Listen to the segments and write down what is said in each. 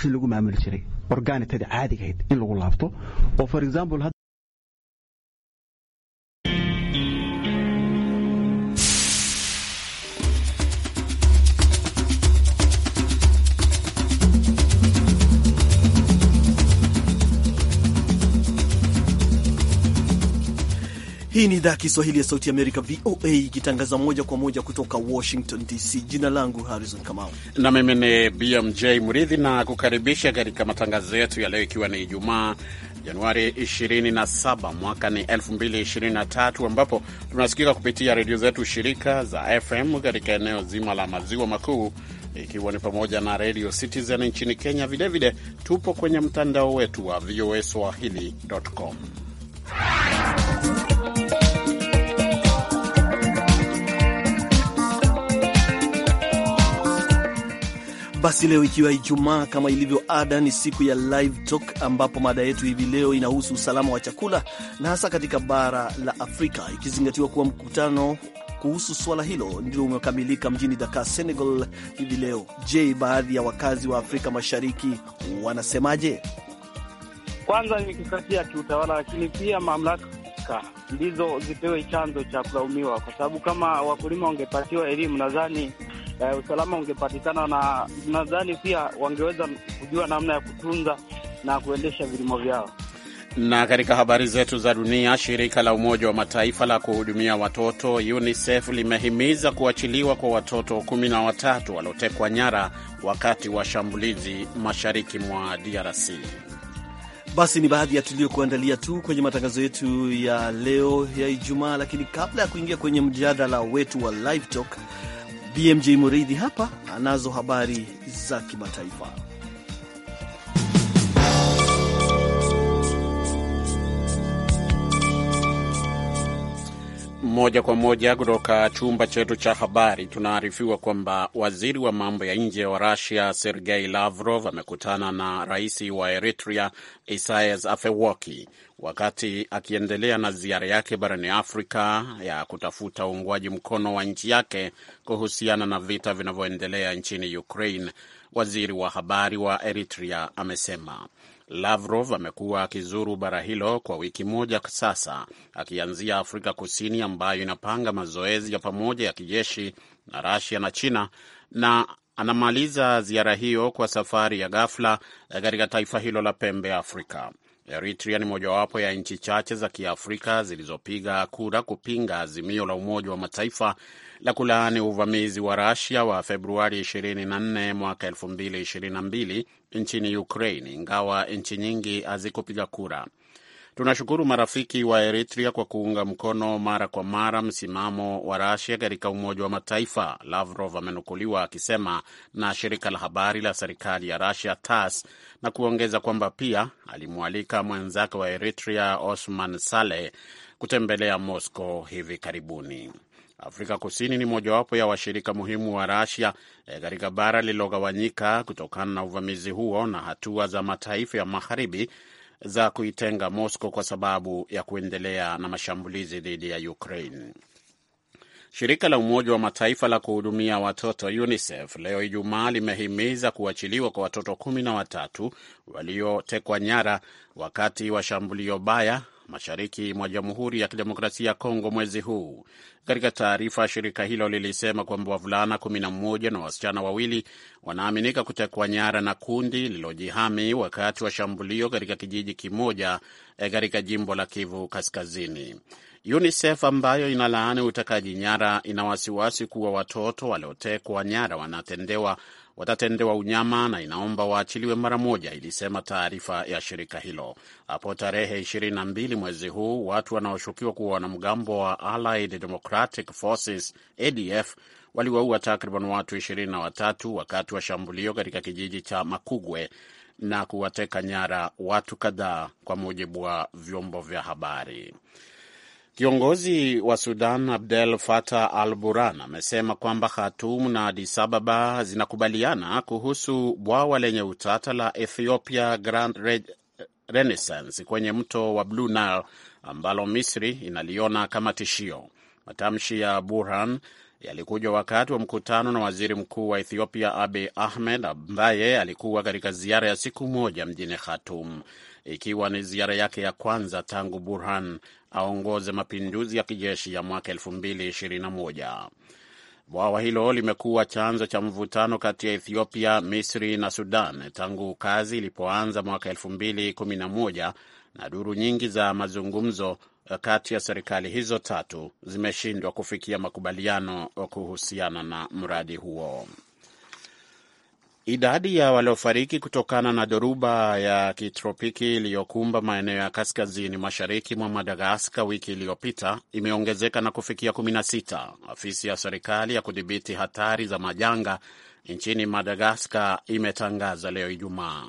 si lagu maamuli jiray orgaanitadii caadigahayd in lagu laabto oo for example Hii ni idhaa ya Kiswahili ya Sauti Amerika, VOA, ikitangaza moja kwa moja kutoka Washington DC. Jina langu Harrison Kamau na mimi ni BMJ Mridhi na kukaribisha katika matangazo yetu ya leo, ikiwa ni Ijumaa Januari 27 mwaka ni 2023, ambapo tunasikika kupitia redio zetu shirika za FM katika eneo zima la maziwa makuu ikiwa ni pamoja na Radio Citizen nchini Kenya. Vilevile vile, tupo kwenye mtandao wetu wa voa swahili.com Basi leo ikiwa Ijumaa, kama ilivyo ada, ni siku ya Live Talk ambapo mada yetu hivi leo inahusu usalama wa chakula na hasa katika bara la Afrika, ikizingatiwa kuwa mkutano kuhusu swala hilo ndio umekamilika mjini Dakar, Senegal hivi leo. Je, baadhi ya wakazi wa Afrika Mashariki wanasemaje? Kwanza ni kiutawala, lakini pia mamlaka sasa ndizo zipewe chanzo cha kulaumiwa, kwa sababu kama wakulima wangepatiwa elimu, nadhani uh, usalama ungepatikana, na nadhani pia wangeweza kujua namna ya kutunza na kuendesha vilimo vyao. Na katika habari zetu za dunia, shirika la Umoja wa Mataifa la kuhudumia watoto UNICEF limehimiza kuachiliwa kwa watoto kumi na watatu waliotekwa nyara wakati wa shambulizi mashariki mwa DRC. Basi ni baadhi ya tuliyokuandalia tu kwenye matangazo yetu ya leo ya Ijumaa, lakini kabla ya kuingia kwenye mjadala wetu wa live talk, BMJ Muridhi hapa anazo habari za kimataifa. Moja kwa moja kutoka chumba chetu cha habari, tunaarifiwa kwamba waziri wa mambo ya nje wa Rusia Sergei Lavrov amekutana na rais wa Eritrea Isaias afewoki wakati akiendelea na ziara yake barani Afrika ya kutafuta uungwaji mkono wa nchi yake kuhusiana na vita vinavyoendelea nchini Ukraine, waziri wa habari wa Eritrea amesema. Lavrov amekuwa akizuru bara hilo kwa wiki moja sasa, akianzia Afrika Kusini ambayo inapanga mazoezi ya pamoja ya kijeshi na Rasia na China na anamaliza ziara hiyo kwa safari ya ghafla katika taifa hilo la pembe ya Afrika. Eritrea ni mojawapo ya nchi chache za Kiafrika zilizopiga kura kupinga azimio la Umoja wa Mataifa la kulaani uvamizi wa Rusia wa Februari 24 mwaka 2022 nchini Ukraine, ingawa nchi nyingi hazikupiga kura. Tunashukuru marafiki wa Eritrea kwa kuunga mkono mara kwa mara msimamo wa Rasia katika Umoja wa Mataifa, Lavrov amenukuliwa akisema na shirika la habari la serikali ya Rasia TASS na kuongeza kwamba pia alimwalika mwenzake wa Eritrea Osman Saleh kutembelea Moscow hivi karibuni. Afrika Kusini ni mojawapo ya washirika muhimu wa Rasia eh, katika e, bara lililogawanyika kutokana na uvamizi huo na hatua za mataifa ya magharibi za kuitenga mosco kwa sababu ya kuendelea na mashambulizi dhidi ya Ukraine. Shirika la Umoja wa Mataifa la kuhudumia watoto UNICEF leo Ijumaa limehimiza kuachiliwa kwa watoto kumi na watatu waliotekwa nyara wakati wa shambulio baya mashariki mwa Jamhuri ya Kidemokrasia ya Kongo mwezi huu. Katika taarifa, shirika hilo lilisema kwamba wavulana 11 na wasichana wawili wanaaminika kutekwa nyara na kundi lililojihami wakati wa shambulio katika kijiji kimoja eh, katika jimbo la Kivu Kaskazini. UNICEF ambayo inalaani utekaji nyara ina wasiwasi kuwa watoto waliotekwa nyara wanatendewa watatendewa unyama na inaomba waachiliwe mara moja, ilisema taarifa ya shirika hilo. Hapo tarehe 22 mwezi huu, watu wanaoshukiwa kuwa wanamgambo wa Allied Democratic Forces ADF waliwaua takriban watu ishirini na watatu wakati wa shambulio katika kijiji cha Makugwe na kuwateka nyara watu kadhaa, kwa mujibu wa vyombo vya habari. Kiongozi wa Sudan Abdel Fattah al Burhan amesema kwamba Khartoum na Addis Ababa zinakubaliana kuhusu bwawa lenye utata la Ethiopia Grand Re Renaissance kwenye mto wa Blue Nile ambalo Misri inaliona kama tishio. Matamshi ya Burhan yalikuja wakati wa mkutano na waziri mkuu wa Ethiopia Abiy Ahmed ambaye alikuwa katika ziara ya siku moja mjini Khartoum, ikiwa ni ziara yake ya kwanza tangu Burhan aongoze mapinduzi ya kijeshi ya mwaka 2021. Bwawa hilo limekuwa chanzo cha mvutano kati ya Ethiopia, Misri na Sudan tangu kazi ilipoanza mwaka 2011 na duru nyingi za mazungumzo kati ya serikali hizo tatu zimeshindwa kufikia makubaliano kuhusiana na mradi huo. Idadi ya waliofariki kutokana na dhoruba ya kitropiki iliyokumba maeneo ya kaskazini mashariki mwa Madagaskar wiki iliyopita imeongezeka na kufikia 16. Afisi ya serikali ya kudhibiti hatari za majanga nchini Madagaskar imetangaza leo Ijumaa.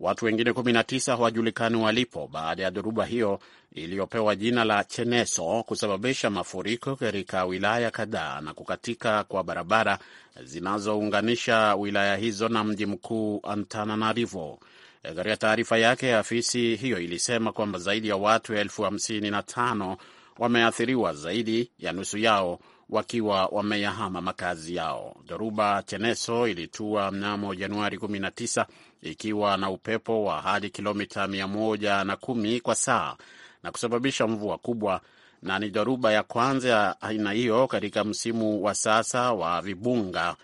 Watu wengine 19 hawajulikani walipo baada ya dhoruba hiyo iliyopewa jina la Cheneso kusababisha mafuriko katika wilaya kadhaa na kukatika kwa barabara zinazounganisha wilaya hizo na mji mkuu Antananarivo. Katika taarifa yake, afisi hiyo ilisema kwamba zaidi ya watu elfu hamsini na tano wameathiriwa, zaidi ya nusu yao wakiwa wameyahama makazi yao. Dhoruba Cheneso ilitua mnamo Januari 19 ikiwa na upepo wa hadi kilomita 110 kwa saa na kusababisha mvua kubwa, na ni dhoruba ya kwanza ya aina hiyo katika msimu wa sasa wa vibunga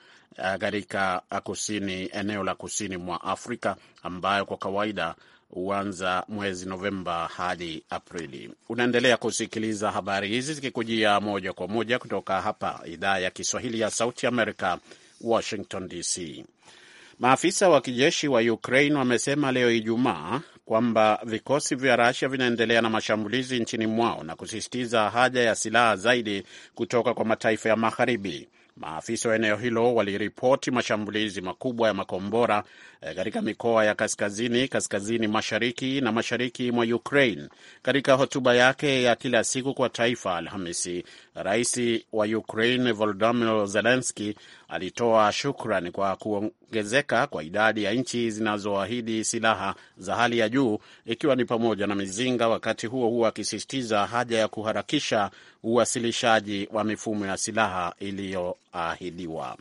eh, katika kusini eneo la kusini mwa Afrika ambayo kwa kawaida huanza mwezi Novemba hadi Aprili. Unaendelea kusikiliza habari hizi zikikujia moja kwa moja kutoka hapa idhaa ya Kiswahili ya Sauti Amerika, Washington DC. Maafisa wa kijeshi wa Ukraine wamesema leo Ijumaa kwamba vikosi vya Russia vinaendelea na mashambulizi nchini mwao na kusisitiza haja ya silaha zaidi kutoka kwa mataifa ya magharibi. Maafisa wa eneo hilo waliripoti mashambulizi makubwa ya makombora Eh, katika mikoa ya kaskazini, kaskazini mashariki na mashariki mwa Ukraine. Katika hotuba yake ya kila siku kwa taifa Alhamisi, rais wa Ukraine Volodymyr Zelensky alitoa shukrani kwa kuongezeka kwa idadi ya nchi zinazoahidi silaha za hali ya juu ikiwa ni pamoja na mizinga, wakati huo huo akisisitiza haja ya kuharakisha uwasilishaji wa mifumo ya silaha iliyoahidiwa.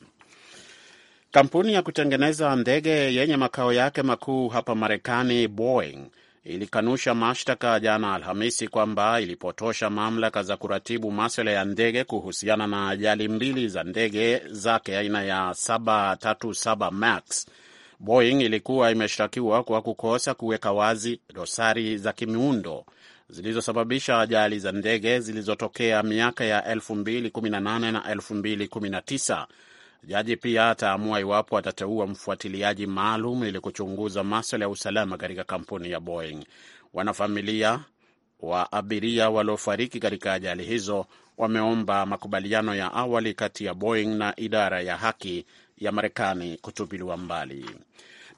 Kampuni ya kutengeneza ndege yenye makao yake makuu hapa Marekani, Boeing ilikanusha mashtaka jana Alhamisi kwamba ilipotosha mamlaka za kuratibu maswala ya ndege kuhusiana na ajali mbili za ndege zake aina ya 737 Max. Boeing ilikuwa imeshtakiwa kwa kukosa kuweka wazi dosari za kimiundo zilizosababisha ajali za ndege zilizotokea miaka ya 2018 na 2019. Jaji pia ataamua iwapo atateua mfuatiliaji maalum ili kuchunguza maswala ya usalama katika kampuni ya Boeing. Wanafamilia wa abiria waliofariki katika ajali hizo wameomba makubaliano ya awali kati ya Boeing na idara ya haki ya Marekani kutupiliwa mbali.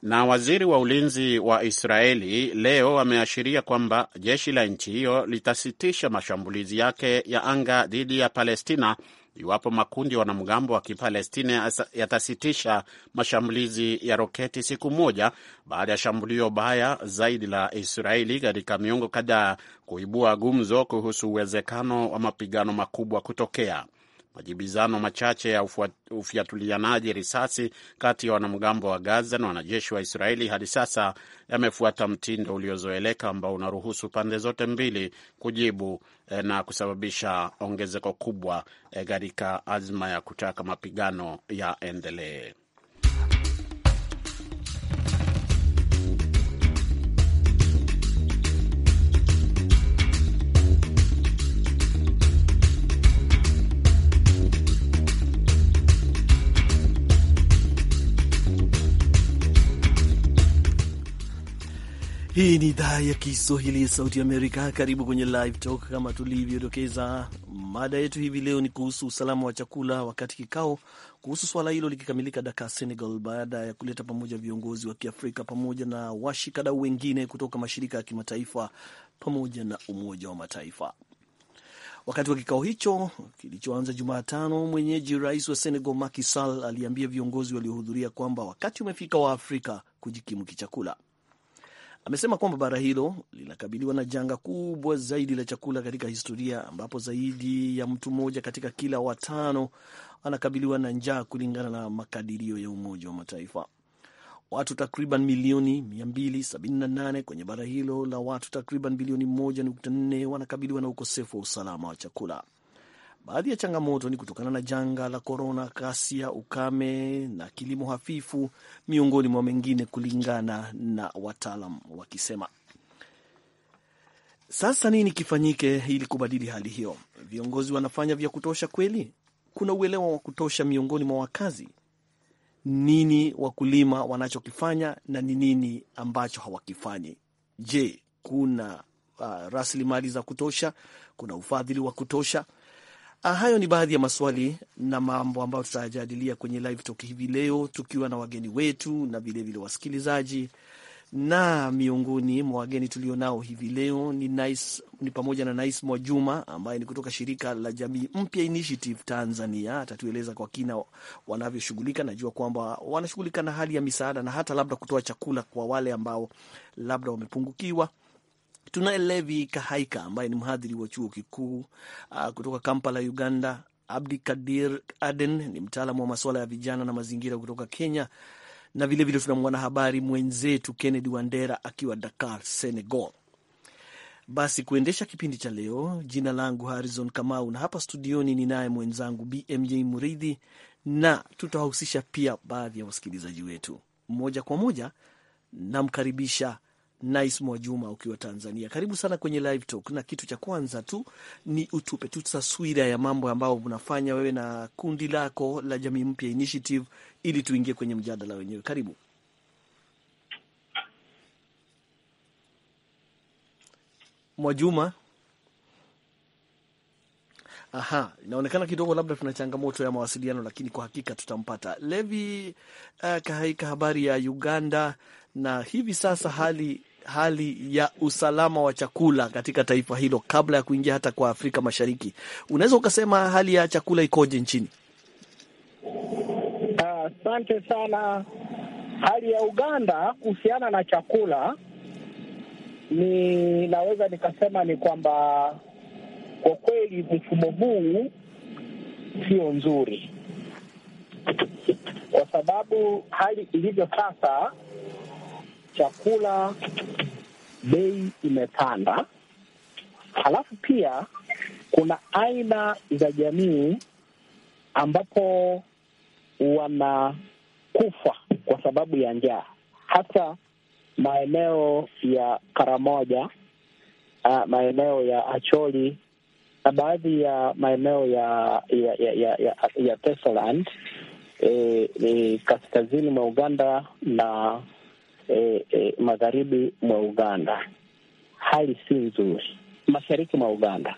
Na waziri wa ulinzi wa Israeli leo ameashiria kwamba jeshi la nchi hiyo litasitisha mashambulizi yake ya anga dhidi ya Palestina iwapo makundi ya wanamgambo wa Kipalestina yatasitisha mashambulizi ya roketi siku moja baada ya shambulio baya zaidi la Israeli katika miongo kadhaa kuibua gumzo kuhusu uwezekano wa mapigano makubwa kutokea. Majibizano machache ya ufiatulianaji risasi kati ya wanamgambo wa Gaza na wanajeshi wa Israeli hadi sasa yamefuata mtindo uliozoeleka ambao unaruhusu pande zote mbili kujibu eh, na kusababisha ongezeko kubwa eh, katika azma ya kutaka mapigano yaendelee. Hii ni idhaa ya Kiswahili ya Sauti Amerika. Karibu kwenye Live Talk. Kama tulivyodokeza, mada yetu hivi leo ni kuhusu usalama wa chakula, wakati kikao kuhusu swala hilo likikamilika Dakar, Senegal, baada ya kuleta pamoja viongozi wa Kiafrika pamoja na washikadau wengine kutoka mashirika ya kimataifa pamoja na Umoja wa Mataifa. Wakati wa kikao hicho kilichoanza Jumatano, mwenyeji rais wa Senegal Macky Sall aliambia viongozi waliohudhuria kwamba wakati umefika wa Afrika kujikimu kichakula. Amesema kwamba bara hilo linakabiliwa na janga kubwa zaidi la chakula katika historia, ambapo zaidi ya mtu mmoja katika kila watano anakabiliwa na njaa kulingana na makadirio ya Umoja wa Mataifa. Watu takriban milioni 278 kwenye bara hilo la watu takriban bilioni 1.4 wanakabiliwa na ukosefu wa usalama wa chakula. Baadhi ya changamoto ni kutokana na janga la korona, kasia, ukame na kilimo hafifu, miongoni mwa mengine, kulingana na wataalam wakisema. Sasa nini kifanyike ili kubadili hali hiyo? Viongozi wanafanya vya kutosha kweli? Kuna uelewa wa kutosha miongoni mwa wakazi? Nini wakulima wanachokifanya na ni nini ambacho hawakifanyi? Je, kuna uh, rasilimali za kutosha? Kuna ufadhili wa kutosha? Ah, hayo ni baadhi ya maswali na mambo ambayo tutajadilia kwenye live talk hivi leo, tukiwa na wageni wetu na vilevile wasikilizaji. Na miongoni mwa wageni tulionao hivi leo ni nice, ni pamoja na Nice Mwajuma ambaye ni kutoka shirika la Jamii Mpya Initiative Tanzania. Atatueleza kwa kina wanavyoshughulika. Najua kwamba wanashughulika na hali ya misaada na hata labda kutoa chakula kwa wale ambao labda wamepungukiwa Tunaye Levi Kahaika ambaye ni mhadhiri wa chuo kikuu uh, kutoka Kampala, Uganda. Abdi Kadir Aden ni mtaalamu wa masuala ya vijana na mazingira kutoka Kenya, na vilevile tuna mwanahabari mwenzetu Kennedy Wandera akiwa Dakar, Senegal. Basi kuendesha kipindi cha leo, jina langu Harrison Kamau na hapa studioni ninaye mwenzangu BMJ Muridhi, na tutawahusisha pia baadhi ya wasikilizaji wetu moja kwa moja. Namkaribisha Nice Mwajuma ukiwa Tanzania, karibu sana kwenye Live Talk. Na kitu cha kwanza tu ni utupe tu taswira ya mambo ambayo unafanya wewe na kundi lako la Jamii Mpya Initiative ili tuingie kwenye mjadala wenyewe. Karibu. Mwajuma. Aha, inaonekana kidogo labda tuna changamoto ya mawasiliano, lakini kwa hakika tutampata Levi uh, Kahaika, habari ya Uganda na hivi sasa hali hali ya usalama wa chakula katika taifa hilo kabla ya kuingia hata kwa Afrika Mashariki. Unaweza ukasema hali ya chakula ikoje nchini? Asante uh, sana. Hali ya Uganda kuhusiana na chakula ni naweza nikasema ni kwamba kwa kweli mfumo huu sio nzuri, kwa sababu hali ilivyo sasa chakula bei imepanda. Halafu pia kuna aina za jamii ambapo wanakufa kwa sababu ya njaa, hasa maeneo ya Karamoja, uh, maeneo ya Acholi na baadhi ya maeneo ya ya ya ya, ya, ya Tesoland, eh, eh, kaskazini mwa Uganda na e, e, magharibi mwa Uganda hali si nzuri, mashariki mwa Uganda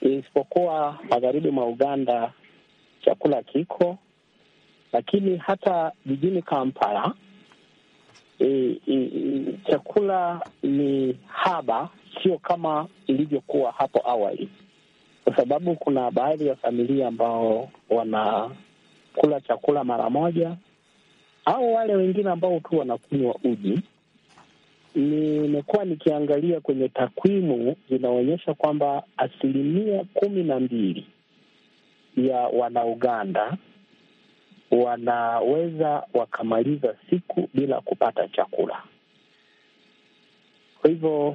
isipokuwa magharibi mwa Uganda chakula kiko, lakini hata jijini Kampala e, e, chakula ni haba, sio kama ilivyokuwa hapo awali, kwa sababu kuna baadhi ya familia ambao wanakula chakula mara moja au wale wengine ambao tu wanakunywa uji. Nimekuwa nikiangalia kwenye takwimu zinaonyesha kwamba asilimia kumi na mbili ya Wanauganda wanaweza wakamaliza siku bila kupata chakula. Kwa hivyo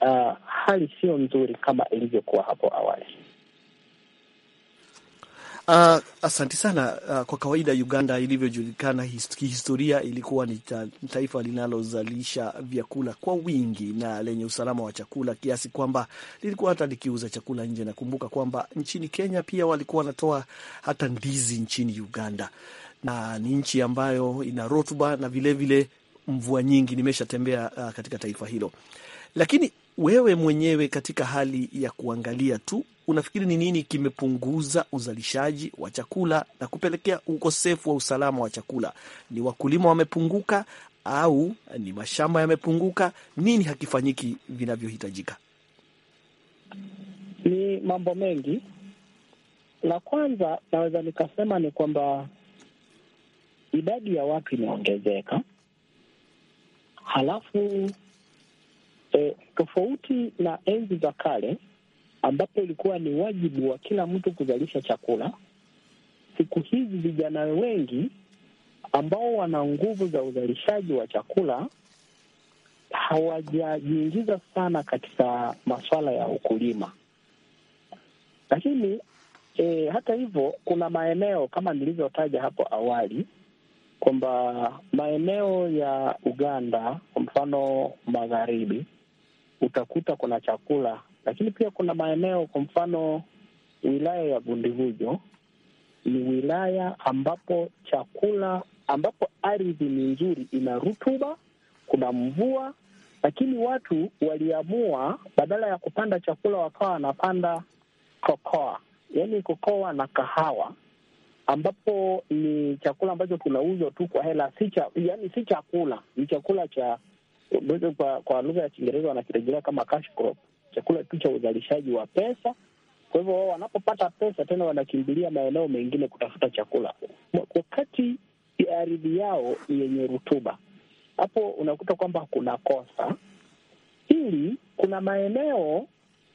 uh, hali siyo nzuri kama ilivyokuwa hapo awali. Uh, asanti sana. Uh, kwa kawaida Uganda ilivyojulikana his, kihistoria ilikuwa ni ta, taifa linalozalisha vyakula kwa wingi na lenye usalama wa chakula kiasi kwamba lilikuwa hata likiuza chakula nje. Nakumbuka kwamba nchini Kenya pia walikuwa wanatoa hata ndizi nchini Uganda, na ni nchi ambayo ina rutuba na vilevile vile mvua nyingi. Nimeshatembea uh, katika taifa hilo, lakini wewe mwenyewe katika hali ya kuangalia tu unafikiri ni nini kimepunguza uzalishaji wa chakula na kupelekea ukosefu wa usalama wa chakula? Ni wakulima wamepunguka au ni mashamba yamepunguka? Nini hakifanyiki vinavyohitajika? Ni mambo mengi. La kwanza naweza nikasema ni kwamba idadi ya watu imeongezeka, halafu e, tofauti na enzi za kale ambapo ilikuwa ni wajibu wa kila mtu kuzalisha chakula. Siku hizi vijana wengi ambao wana nguvu za uzalishaji wa chakula hawajajiingiza sana katika masuala ya ukulima, lakini e, hata hivyo kuna maeneo kama nilivyotaja hapo awali kwamba maeneo ya Uganda, kwa mfano magharibi, utakuta kuna chakula lakini pia kuna maeneo, kwa mfano wilaya ya Bundibugyo ni wilaya ambapo chakula, ambapo ardhi ni nzuri, ina rutuba, kuna mvua, lakini watu waliamua badala ya kupanda chakula wakawa wanapanda kokoa, yaani kokoa na kahawa ambapo ni chakula ambacho kinauzwa tu kwa hela, si cha, yani si chakula, ni chakula cha kwa, kwa lugha ya Kiingereza wanakirejelea kama cash crop chakula tu cha uzalishaji wa pesa. Kwa hivyo wao wanapopata pesa tena wanakimbilia maeneo mengine kutafuta chakula, wakati ya ardhi yao yenye rutuba. Hapo unakuta kwamba kuna kosa hili. Kuna maeneo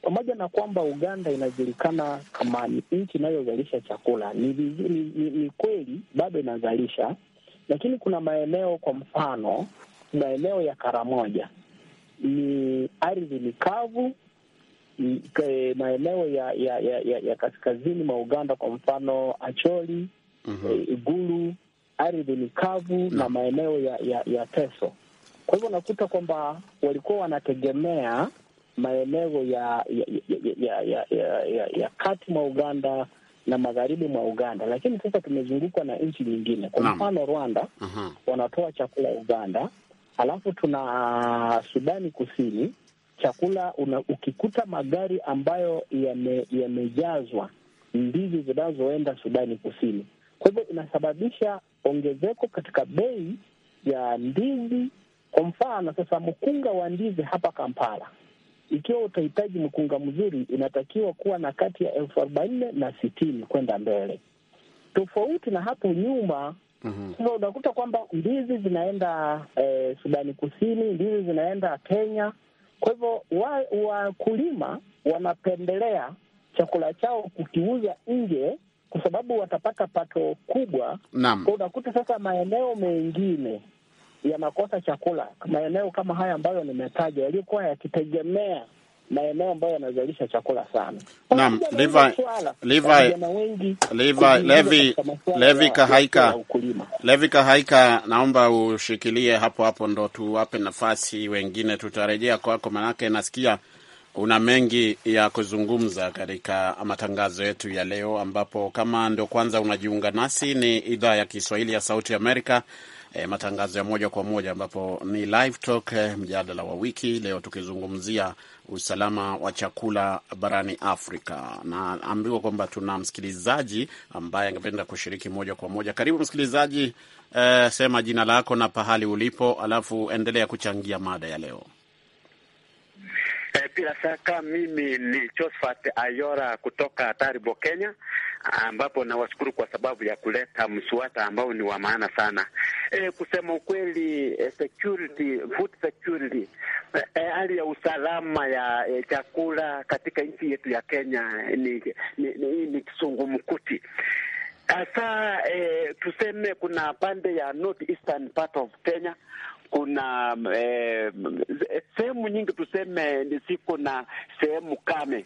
pamoja na kwamba Uganda inajulikana kama nchi inayozalisha chakula, ni, ni, ni, ni kweli bado inazalisha, lakini kuna maeneo, kwa mfano maeneo ya Karamoja ni ardhi ni kavu maeneo ya ya, ya, ya ya kaskazini mwa Uganda, kwa mfano Acholi, mm e, Igulu, ardhi ni kavu no. na maeneo ya, ya, ya Teso. Kwa hivyo unakuta kwamba walikuwa wanategemea maeneo ya ya, ya, ya, ya, ya, ya kati mwa Uganda na magharibi mwa Uganda, lakini sasa tumezungukwa na nchi nyingine. Kwa mfano Rwanda uh -huh. wanatoa chakula Uganda, alafu tuna Sudani Kusini chakula una, ukikuta magari ambayo yamejazwa yame ndizi zinazoenda Sudani Kusini. Kwa hivyo inasababisha ongezeko katika bei ya ndizi. Kwa mfano sasa, mkunga wa ndizi hapa Kampala, ikiwa utahitaji mkunga mzuri, inatakiwa kuwa na kati ya elfu arobaini na sitini kwenda mbele, tofauti na hapo nyuma. Mm -hmm. unakuta kwamba ndizi zinaenda eh, Sudani Kusini, ndizi zinaenda Kenya kwa hivyo wakulima wa wanapendelea chakula chao kukiuza nje kwa sababu watapata pato kubwa. Naam, unakuta sasa maeneo mengine yanakosa chakula, maeneo kama haya ambayo nimetaja yaliyokuwa yakitegemea maeneo ambayo yanazalisha chakula sana. Naam, Levi Kahaika, Levi Kahaika, naomba ushikilie hapo hapo ndo tuwape nafasi wengine, tutarejea kwako, manake nasikia una mengi ya kuzungumza katika matangazo yetu ya leo, ambapo kama ndio kwanza unajiunga nasi, ni idhaa ya Kiswahili ya Sauti Amerika. E, matangazo ya moja kwa moja ambapo ni live talk, eh, mjadala wa wiki leo tukizungumzia usalama wa chakula barani Afrika. Naambiwa kwamba tuna msikilizaji ambaye angependa kushiriki moja kwa moja. Karibu msikilizaji, eh, sema jina lako na pahali ulipo, alafu endelea kuchangia mada ya leo. Eh, bila shaka mimi ni Josephat Ayora kutoka Taribo, Kenya ambapo nawashukuru kwa sababu ya kuleta mswada ambao ni wa maana sana. E, kusema ukweli, e, security, food security, e, hali ya usalama ya e, chakula katika nchi yetu ya Kenya ni, ni, ni, ni kisungumkuti hasa e, tuseme kuna pande ya north eastern part of Kenya kuna e, sehemu nyingi tuseme ni siko na sehemu kame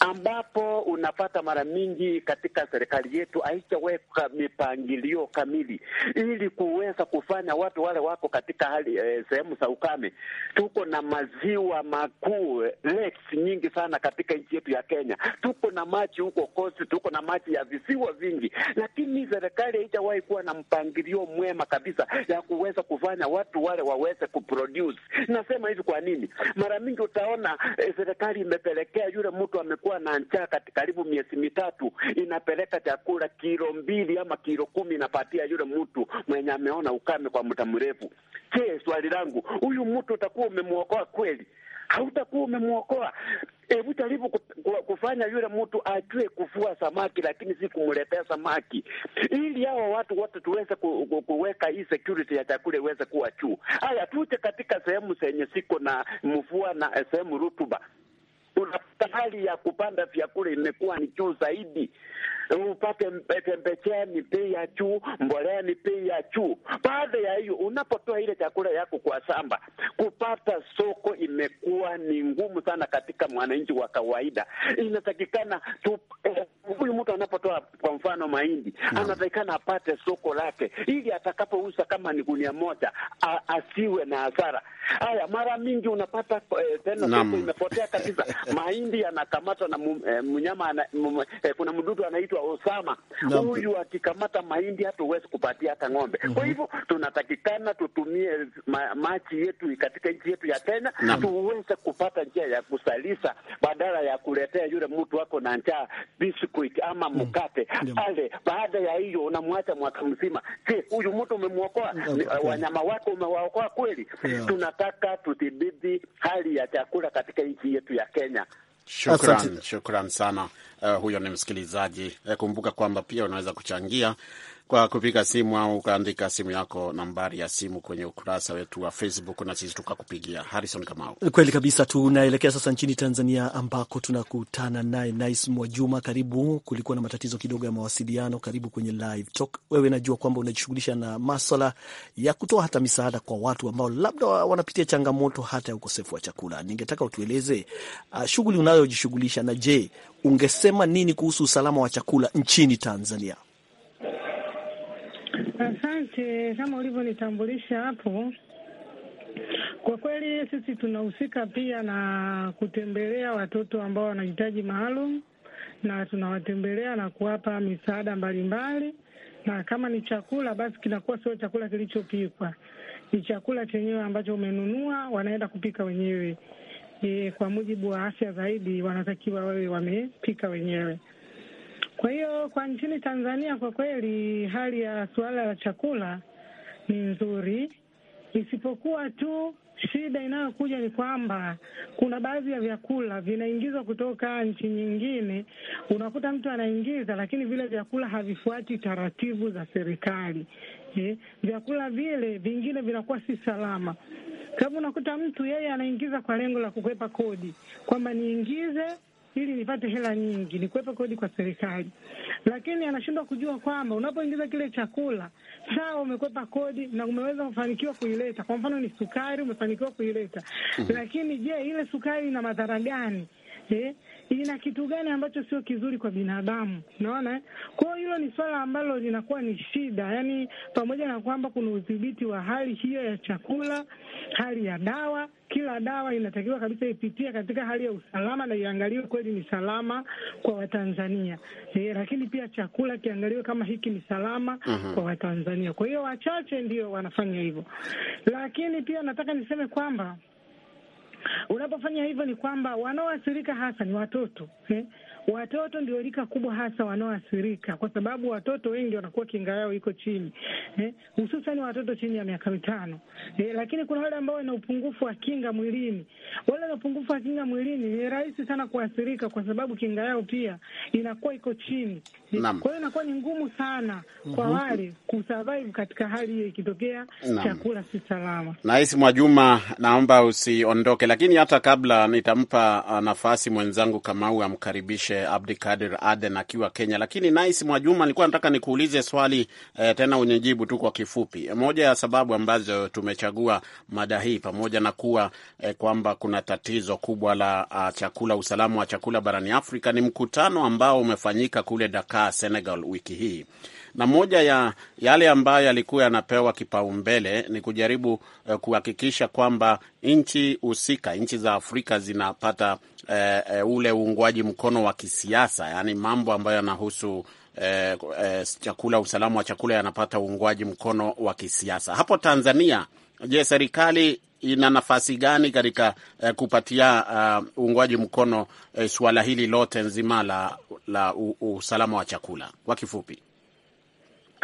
ambapo unapata mara mingi katika serikali yetu haijaweka mipangilio kamili ili kuweza kufanya watu wale wako katika hali eh, sehemu za ukame. Tuko na maziwa makuu eh, lakes nyingi sana katika nchi yetu ya Kenya, tuko na maji huko kosi, tuko na maji ya visiwa vingi, lakini serikali haijawahi kuwa na mpangilio mwema kabisa ya kuweza kufanya watu wale waweze kuproduce. Nasema hivi kwa nini? Mara mingi utaona eh, serikali imepelekea yule mtu amekuwa ukiwa na njaa karibu miezi mitatu, inapeleka chakula kilo mbili ama kilo kumi inapatia yule mtu mwenye ameona ukame kwa muda mrefu. Je, swali langu, huyu mtu utakuwa umemwokoa kweli? Hautakuwa umemwokoa. Hebu jaribu kufanya yule mtu ajue kuvua samaki, lakini si kumletea samaki, ili hawa watu wote tuweze kuweka hii security ya chakula iweze kuwa juu. Haya, tuje katika sehemu zenye siko na mvua na eh, sehemu rutuba Una hata hali ya kupanda vyakula imekuwa ni juu zaidi. Upate pembejeo ni bei ya juu, mbolea ni bei ya juu. Baada ya hiyo, unapotoa ile chakula yako kwa shamba, kupata soko imekuwa ni ngumu sana katika mwananchi wa kawaida. Inatakikana tu eh, huyu eh, mtu anapotoa kwa mfano mahindi no. anatakikana apate soko lake, ili atakapouza kama ni gunia moja asiwe na hasara. Haya, mara mingi unapata eh, tena no. soko imepotea kabisa mahindi pindi anakamatwa na eh, mnyama eh, kuna mdudu anaitwa Osama. Huyu akikamata mahindi hata huwezi kupatia hata ng'ombe. mm -hmm. Kwa mhm. hivyo tunatakikana tutumie ma, machi yetu katika nchi yetu ya Kenya tuweze kupata njia ya kusalisa badala ya kuletea yule mtu wako na njaa biskuit ama mm. mkate mm. ale. Baada ya hiyo unamwacha mwaka mzima. Je, huyu mtu umemwokoa? Okay. Eh, wanyama wako umewaokoa kweli? Yeah. Tunataka tudhibiti hali ya chakula katika nchi yetu ya Kenya. Shukran, shukran sana. Uh, huyo ni msikilizaji. Eh, kumbuka kwamba pia unaweza kuchangia kwa kupiga simu au ukaandika simu yako nambari ya simu kwenye ukurasa wetu wa Facebook na sisi tukakupigia. Harrison Kamau, kweli kabisa. Tunaelekea sasa nchini Tanzania ambako tunakutana naye Nice Mwajuma. Karibu. Kulikuwa na matatizo kidogo ya mawasiliano, karibu kwenye live talk. Wewe najua kwamba unajishughulisha na maswala ya kutoa hata misaada kwa watu ambao labda wanapitia changamoto hata ya ukosefu wa chakula. Ningetaka utueleze uh, shughuli unayojishughulisha na, je, ungesema nini kuhusu usalama wa chakula nchini Tanzania? Asante kama ulivyonitambulisha hapo. Kwa kweli sisi tunahusika pia na kutembelea watoto ambao wanahitaji maalum, na tunawatembelea na kuwapa misaada mbalimbali, na kama ni chakula basi kinakuwa sio chakula kilichopikwa, ni chakula chenyewe ambacho umenunua, wanaenda kupika wenyewe. E, kwa mujibu wa afya zaidi wanatakiwa wawe wamepika wenyewe. Kwa hiyo kwa nchini Tanzania kwa kweli hali ya suala la chakula ni nzuri, isipokuwa tu shida inayokuja ni kwamba kuna baadhi ya vyakula vinaingizwa kutoka nchi nyingine. Unakuta mtu anaingiza, lakini vile vyakula havifuati taratibu za serikali eh. Vyakula vile vingine vinakuwa si salama, sababu unakuta mtu yeye anaingiza kwa lengo la kukwepa kodi, kwamba niingize ili nipate hela nyingi, nikuwepe kodi kwa serikali, lakini anashindwa kujua kwamba unapoingiza kile chakula sawa, umekwepa kodi na umeweza kufanikiwa kuileta. Kwa mfano ni sukari, umefanikiwa kuileta mm -hmm. Lakini je, ile sukari ina madhara gani? eh, ina kitu gani ambacho sio kizuri kwa binadamu? Unaona, kwa hiyo hilo ni swala ambalo linakuwa ni shida, yaani pamoja na kwamba kuna udhibiti wa hali hiyo ya chakula, hali ya dawa kila dawa inatakiwa kabisa ipitie katika hali ya usalama na iangaliwe kweli ni salama kwa Watanzania. E, lakini pia chakula kiangaliwe kama hiki ni salama uh mhm. -huh. kwa Watanzania. Kwa hiyo wachache ndio wanafanya hivyo, lakini pia nataka niseme kwamba Unapofanya hivyo ni kwamba wanaoathirika hasa ni watoto eh? Watoto ndio rika kubwa hasa wanaoathirika, kwa sababu watoto wengi wanakuwa kinga yao iko chini eh, hususan watoto chini ya miaka mitano eh, lakini kuna wale ambao wana upungufu wa kinga mwilini. Wale wana upungufu wa kinga mwilini ni rahisi sana kuathirika, kwa sababu kinga yao pia inakuwa iko chini kwa hiyo inakuwa ni ngumu sana kwa mhm. wale kusurvive katika hali hiyo ikitokea chakula si salama. Nahisi Mwajuma, naomba usiondoke, lakini hata kabla nitampa uh, nafasi mwenzangu Kamau amkaribishe Abdi Kadir Aden akiwa Kenya. Lakini nahisi Mwajuma, nilikuwa nataka nikuulize swali eh, tena unijibu tu kwa kifupi. Moja ya sababu ambazo tumechagua mada hii pamoja na kuwa eh, kwamba kuna tatizo kubwa la uh, chakula, usalama wa chakula barani Afrika ni mkutano ambao umefanyika kule Dakar kadhaa Senegal wiki hii, na moja ya yale ambayo yalikuwa yanapewa kipaumbele ni kujaribu eh, kuhakikisha kwamba nchi husika, nchi za Afrika zinapata eh, eh, ule uungwaji mkono wa kisiasa, yaani mambo ambayo yanahusu eh, eh, chakula, usalama wa chakula yanapata uungwaji mkono wa kisiasa. Hapo Tanzania, je, serikali ina nafasi gani katika uh, kupatia ah, uungwaji uh, mkono uh, suala hili lote nzima la, la usalama wa chakula kwa kifupi?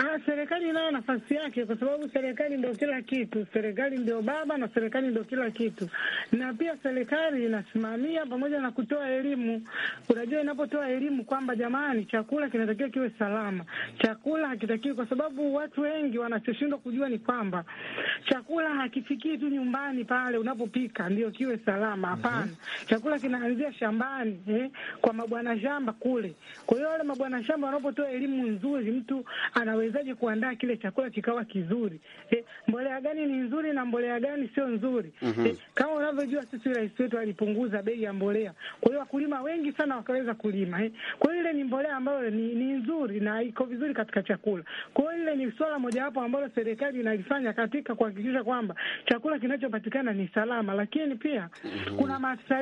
Ah, serikali inayo nafasi yake, kwa sababu serikali ndio kila kitu. Serikali ndio baba na serikali ndio kila kitu, na pia serikali inasimamia pamoja na kutoa elimu. Unajua, inapotoa elimu kwamba jamani, chakula kinatakiwa kiwe salama, chakula hakitakiwi, kwa sababu watu wengi wanachoshindwa kujua ni kwamba chakula hakifikii tu nyumbani pale unapopika ndio kiwe salama. Mhm. Hapana, mm -hmm. Chakula kinaanzia shambani, eh, kwa mabwana shamba kule. Kwa hiyo wale mabwana shamba wanapotoa elimu nzuri, mtu anaweza Unawezaje kuandaa kile chakula kikawa kizuri? Eh, mbolea gani ni nzuri na mbolea gani sio nzuri? mm -hmm. Eh, kama unavyojua sisi rais wetu alipunguza bei ya mbolea, kwa hiyo wakulima wengi sana wakaweza kulima eh. Kwa hiyo ile ni mbolea ambayo ni, ni nzuri na iko vizuri katika chakula. Kwa hiyo ile ni swala mojawapo ambalo serikali inalifanya katika kuhakikisha kwamba chakula kinachopatikana ni salama, lakini pia mm -hmm. kuna maafisa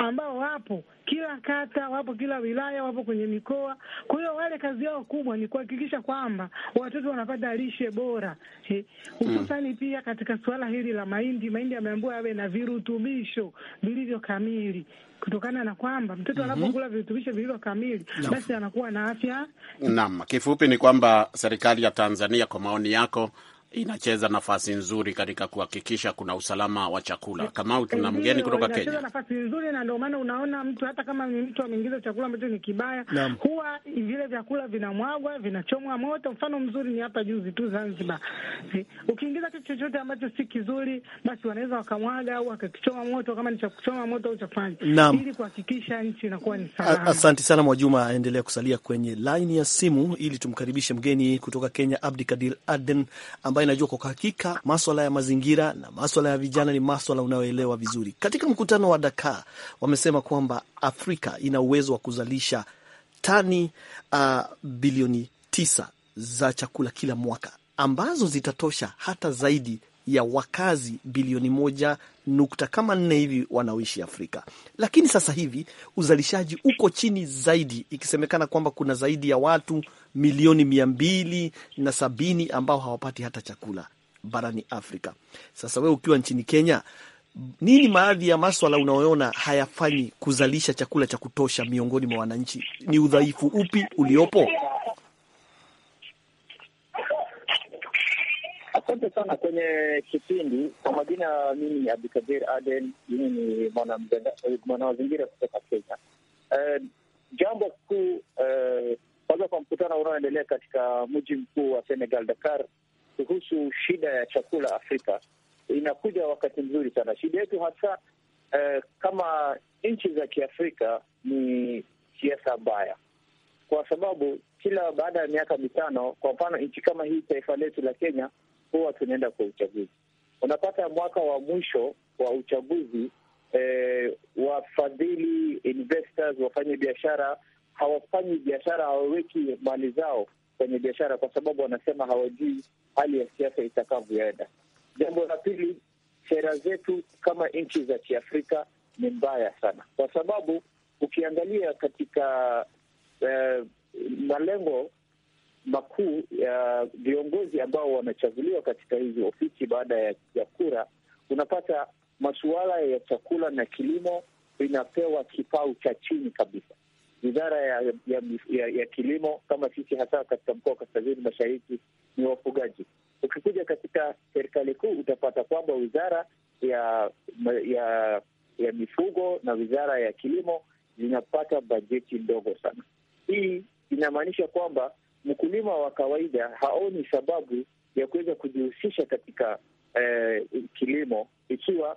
ambao wapo kila kata, wapo kila wilaya, wapo kwenye mikoa. Kwa hiyo wale kazi yao kubwa ni kuhakikisha kwamba watoto wanapata lishe bora, hususani mm. pia katika suala hili la mahindi. Mahindi yameambiwa yawe na virutubisho vilivyo kamili, kutokana na kwamba mtoto mm -hmm. virutubisho vilivyo kamili no. basi anakuwa na afya. Naam, kifupi ni kwamba serikali ya Tanzania kwa maoni yako inacheza nafasi nzuri katika kuhakikisha kuna usalama wa chakula. Kamau, tuna mgeni kutoka Kenya. nafasi nzuri, na ndio maana unaona mtu hata kama ni mtu ameingiza chakula ambacho ni kibaya, Naam. huwa vile vyakula vinamwagwa, vinachomwa moto. Mfano mzuri ni hapa juzi tu Zanzibar, eh, ukiingiza kitu chochote ambacho si kizuri, basi wanaweza wakamwaga au wakakichoma moto, kama ni cha kuchoma moto au cha fanya, ili kuhakikisha nchi inakuwa ni salama. Asante sana Mwajuma, endelea kusalia kwenye laini ya simu ili tumkaribishe mgeni kutoka Kenya, Abdikadir Aden ambaye ambaye najua kwa hakika maswala ya mazingira na maswala ya vijana ni maswala unayoelewa vizuri. Katika mkutano wa Dakar wamesema kwamba Afrika ina uwezo wa kuzalisha tani uh, bilioni tisa za chakula kila mwaka ambazo zitatosha hata zaidi ya wakazi bilioni moja nukta kama nne hivi wanaoishi Afrika, lakini sasa hivi uzalishaji uko chini zaidi, ikisemekana kwamba kuna zaidi ya watu milioni mia mbili na sabini ambao hawapati hata chakula barani Afrika. Sasa wewe ukiwa nchini Kenya, nini baadhi ya maswala unaoona hayafanyi kuzalisha chakula cha kutosha miongoni mwa wananchi? Ni udhaifu upi uliopo? Asante sana kwenye kipindi. Kwa majina, mimi ni Abdikadir Aden, mimi ni mwanamazingira kutoka Kenya. Eh, jambo kuu eh, kwanza, kwa mkutano unaoendelea katika mji mkuu wa Senegal, Dakar, kuhusu shida ya chakula Afrika inakuja wakati mzuri sana. Shida yetu hasa eh, kama nchi za Kiafrika ni siasa mbaya, kwa sababu kila baada ya miaka mitano, kwa mfano nchi kama hii, taifa letu la Kenya huwa tunaenda kwa uchaguzi. Unapata mwaka wa mwisho wa uchaguzi eh, wafadhili, investors, wafanye biashara hawafanyi biashara, hawaweki mali zao kwenye biashara kwa sababu wanasema hawajui hali ya siasa itakavyoenda. Jambo la pili, sera zetu kama nchi za Kiafrika ni mbaya sana, kwa sababu ukiangalia katika eh, malengo makuu ya viongozi ambao wamechaguliwa katika hizi ofisi baada ya, ya kura, unapata masuala ya chakula na kilimo inapewa kipau cha chini kabisa. Wizara ya, ya, ya, ya kilimo kama sisi hasa katika mkoa wa kaskazini mashariki ni wafugaji. Ukikuja katika serikali kuu utapata kwamba wizara ya, ya ya mifugo na wizara ya kilimo zinapata bajeti ndogo sana. Hii inamaanisha kwamba mkulima wa kawaida haoni sababu ya kuweza kujihusisha katika eh, kilimo ikiwa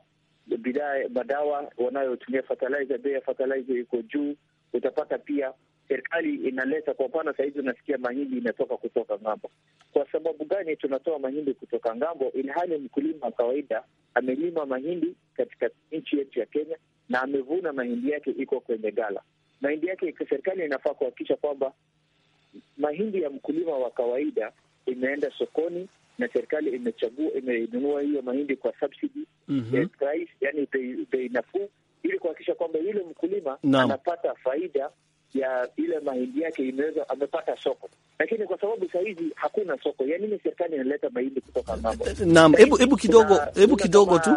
bidhaa madawa wanayotumia fertilizer, bei ya fertilizer iko juu. Utapata pia serikali inaleta kwa mfano, sahizi unasikia mahindi inatoka kutoka ng'ambo. Kwa sababu gani tunatoa mahindi kutoka ng'ambo, ilhali mkulima wa kawaida amelima mahindi katika nchi yetu ya Kenya na amevuna mahindi yake iko kwenye gala mahindi yake. Serikali inafaa kuhakikisha kwamba mahindi ya mkulima wa kawaida imeenda sokoni na serikali imechagua imenunua hiyo mahindi kwa subsidy mm -hmm. price, yani bei nafuu, ili kuhakikisha kwamba yule mkulima no. anapata faida ya ile mahindi yake imeweza amepata soko, lakini kwa sababu sahizi hakuna soko, ya nini serikali inaleta mahindi kutoka mambo? Naam, hebu hebu kidogo, hebu kidogo tu,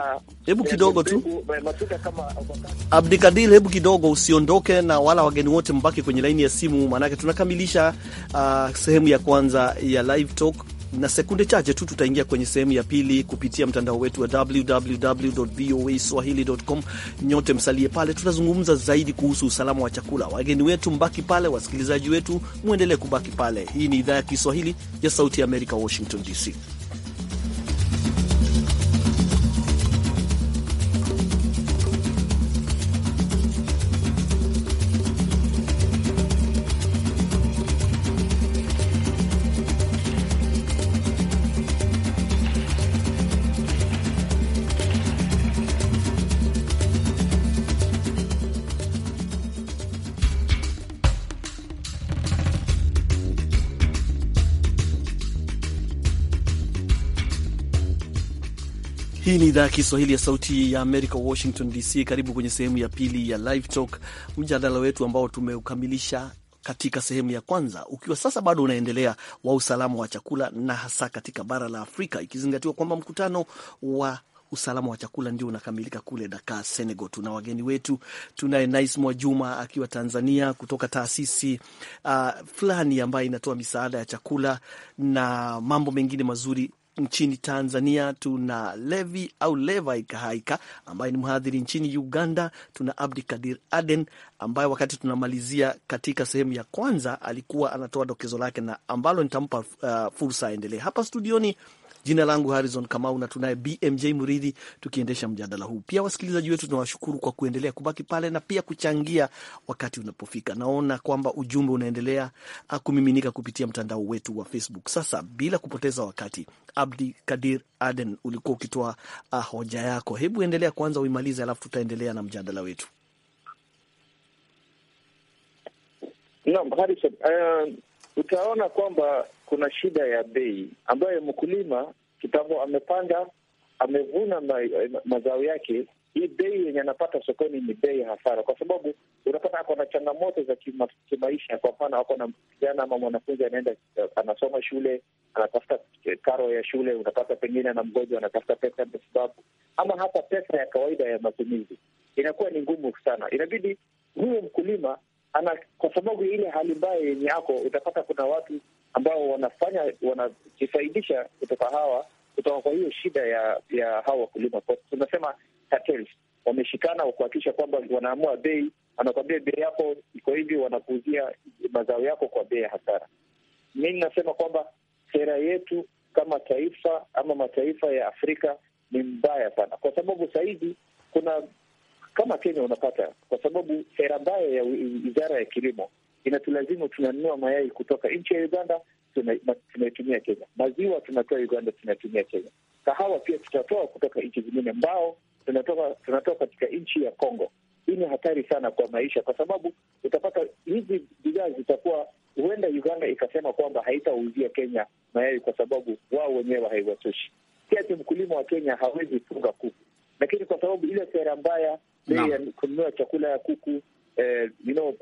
hebu kidogo tu, eh, Abdikadir, hebu kidogo usiondoke, na wala wageni wote mbaki kwenye laini ya simu, maanake tunakamilisha uh, sehemu ya kwanza ya live talk na sekunde chache tu tutaingia kwenye sehemu ya pili kupitia mtandao wetu wa swahili.com. Nyote msalie pale, tutazungumza zaidi kuhusu usalama wa chakula. Wageni wetu mbaki pale, wasikilizaji wetu mwendelee kubaki pale. Hii ni idhaa ya Kiswahili ya Sauti ya Amerika, Washington DC. Hii ni idhaa ya Kiswahili ya Sauti ya Amerika, Washington DC. Karibu kwenye sehemu ya pili ya Live Talk, mjadala wetu ambao tumeukamilisha katika sehemu ya kwanza ukiwa sasa bado unaendelea wa usalama wa chakula na hasa katika bara la Afrika, ikizingatiwa kwamba mkutano wa usalama wa chakula ndio unakamilika kule Dakar, Senegal. Tuna wageni wetu, tunaye Nice Mwajuma akiwa Tanzania kutoka taasisi uh, fulani ambayo inatoa misaada ya chakula na mambo mengine mazuri nchini Tanzania tuna Levi au Levi Kahaika ambaye ni mhadhiri nchini Uganda. Tuna Abdi Kadir Aden ambaye wakati tunamalizia katika sehemu ya kwanza alikuwa anatoa dokezo lake na ambalo nitampa uh, fursa aendelee hapa studioni. Jina langu Harrison Kamau na tunaye BMJ Muridhi tukiendesha mjadala huu. Pia wasikilizaji wetu tunawashukuru kwa kuendelea kubaki pale na pia kuchangia wakati unapofika. Naona kwamba ujumbe unaendelea ah, kumiminika kupitia mtandao wetu wa Facebook. Sasa bila kupoteza wakati, Abdi Kadir Aden, ulikuwa ukitoa ah, hoja yako, hebu endelea kwanza uimalize, alafu tutaendelea na mjadala wetu. Naam, Harrison, uh utaona kwamba kuna shida ya bei ambayo mkulima kitambo amepanda amevuna ma, mazao yake. Hii bei yenye anapata sokoni ni bei hasara, kwa sababu unapata ako na changamoto za kima, kimaisha. Kwa mfano, ako na kijana ama mwanafunzi anaenda anasoma shule, anatafuta karo ya shule, unapata pengine na mgonjwa anatafuta pesa ya matibabu, ama hata pesa ya kawaida ya matumizi, inakuwa ni ngumu sana. Inabidi huyo mkulima ana kwa sababu ile hali mbaya yenye yako, utapata kuna watu ambao wanafanya wanajifaidisha kutoka hawa kutoka kwa hiyo shida ya ya hawa wakulima, tunasema cartels wameshikana kuhakikisha kwamba wanaamua bei, wanakwambia bei yako iko hivi, wanakuuzia mazao yako kwa bei ya hasara. Mi nasema kwamba sera yetu kama taifa ama mataifa ya Afrika ni mbaya sana, kwa sababu sahizi kuna kama Kenya unapata, kwa sababu sera mbaya ya wizara ya kilimo inatulazimu tunanunua mayai kutoka nchi ya Uganda tunaitumia Kenya, maziwa tunatoa Uganda tunatumia Kenya, kahawa pia tutatoa kutoka nchi zingine, mbao tunatoka tunatoa katika nchi ya Kongo. Hii ni hatari sana kwa maisha, kwa sababu utapata hizi bidhaa zitakuwa, huenda Uganda ikasema kwamba haitauzia Kenya mayai kwa sababu wao wenyewe haiwatoshi. Pia ati mkulima wa Kenya hawezi funga kuku, lakini kwa sababu ile sera mbaya bei ya kununua chakula ya kuku eh, you know,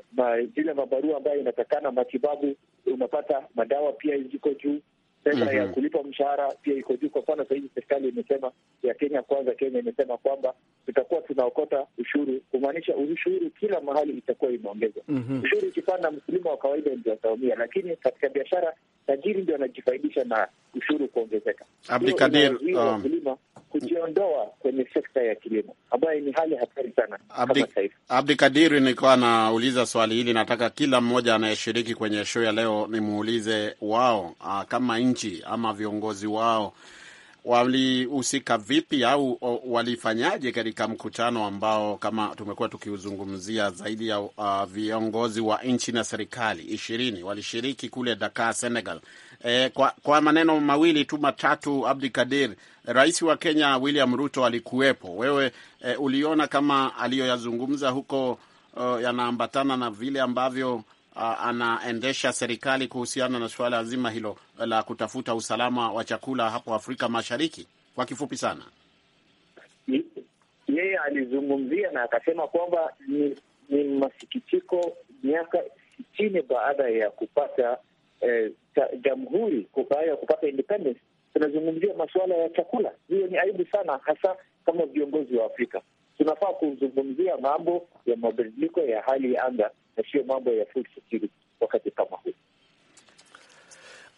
zile mabarua ambayo inatakana matibabu, unapata madawa pia ziko juu pesa mm -hmm. ya mhm. kulipa mshahara pia iko juu. Kwa mfano sahizi serikali imesema ya Kenya Kwanza, Kenya imesema kwamba tutakuwa tunaokota ushuru, kumaanisha ushuru kila mahali itakuwa imeongezwa. mm -hmm. Ushuru ikipanda, mkulima wa kawaida ndio ataumia, lakini katika biashara tajiri ndio anajifaidisha na ushuru kuongezeka. Abdikadir, um, wakulima kujiondoa kwenye sekta ya kilimo ambayo ni hali hatari sana Abdikadir, nilikuwa nauliza swali hili, nataka kila mmoja anayeshiriki kwenye show ya leo nimuulize wao, ah, kama nchi ama viongozi wao walihusika vipi au walifanyaje katika mkutano ambao kama tumekuwa tukiuzungumzia zaidi ya uh, viongozi wa nchi na serikali ishirini walishiriki kule Dakar, Senegal. E, kwa, kwa maneno mawili tu matatu, Abdi Kadir, rais wa Kenya William Ruto alikuwepo. Wewe e, uliona kama aliyoyazungumza huko uh, yanaambatana na vile ambavyo Uh, anaendesha serikali kuhusiana na suala zima hilo la kutafuta usalama wa chakula hapo Afrika Mashariki? Kwa kifupi sana, yeye alizungumzia na akasema kwamba ni, ni masikitiko miaka sitini baada ya kupata eh, jamhuri baada ya kupata independence tunazungumzia masuala ya chakula. Hiyo ni aibu sana, hasa kama viongozi wa Afrika tunafaa kuzungumzia mambo ya mabadiliko ya hali ya anga na sio mambo ya full security wakati kama huu.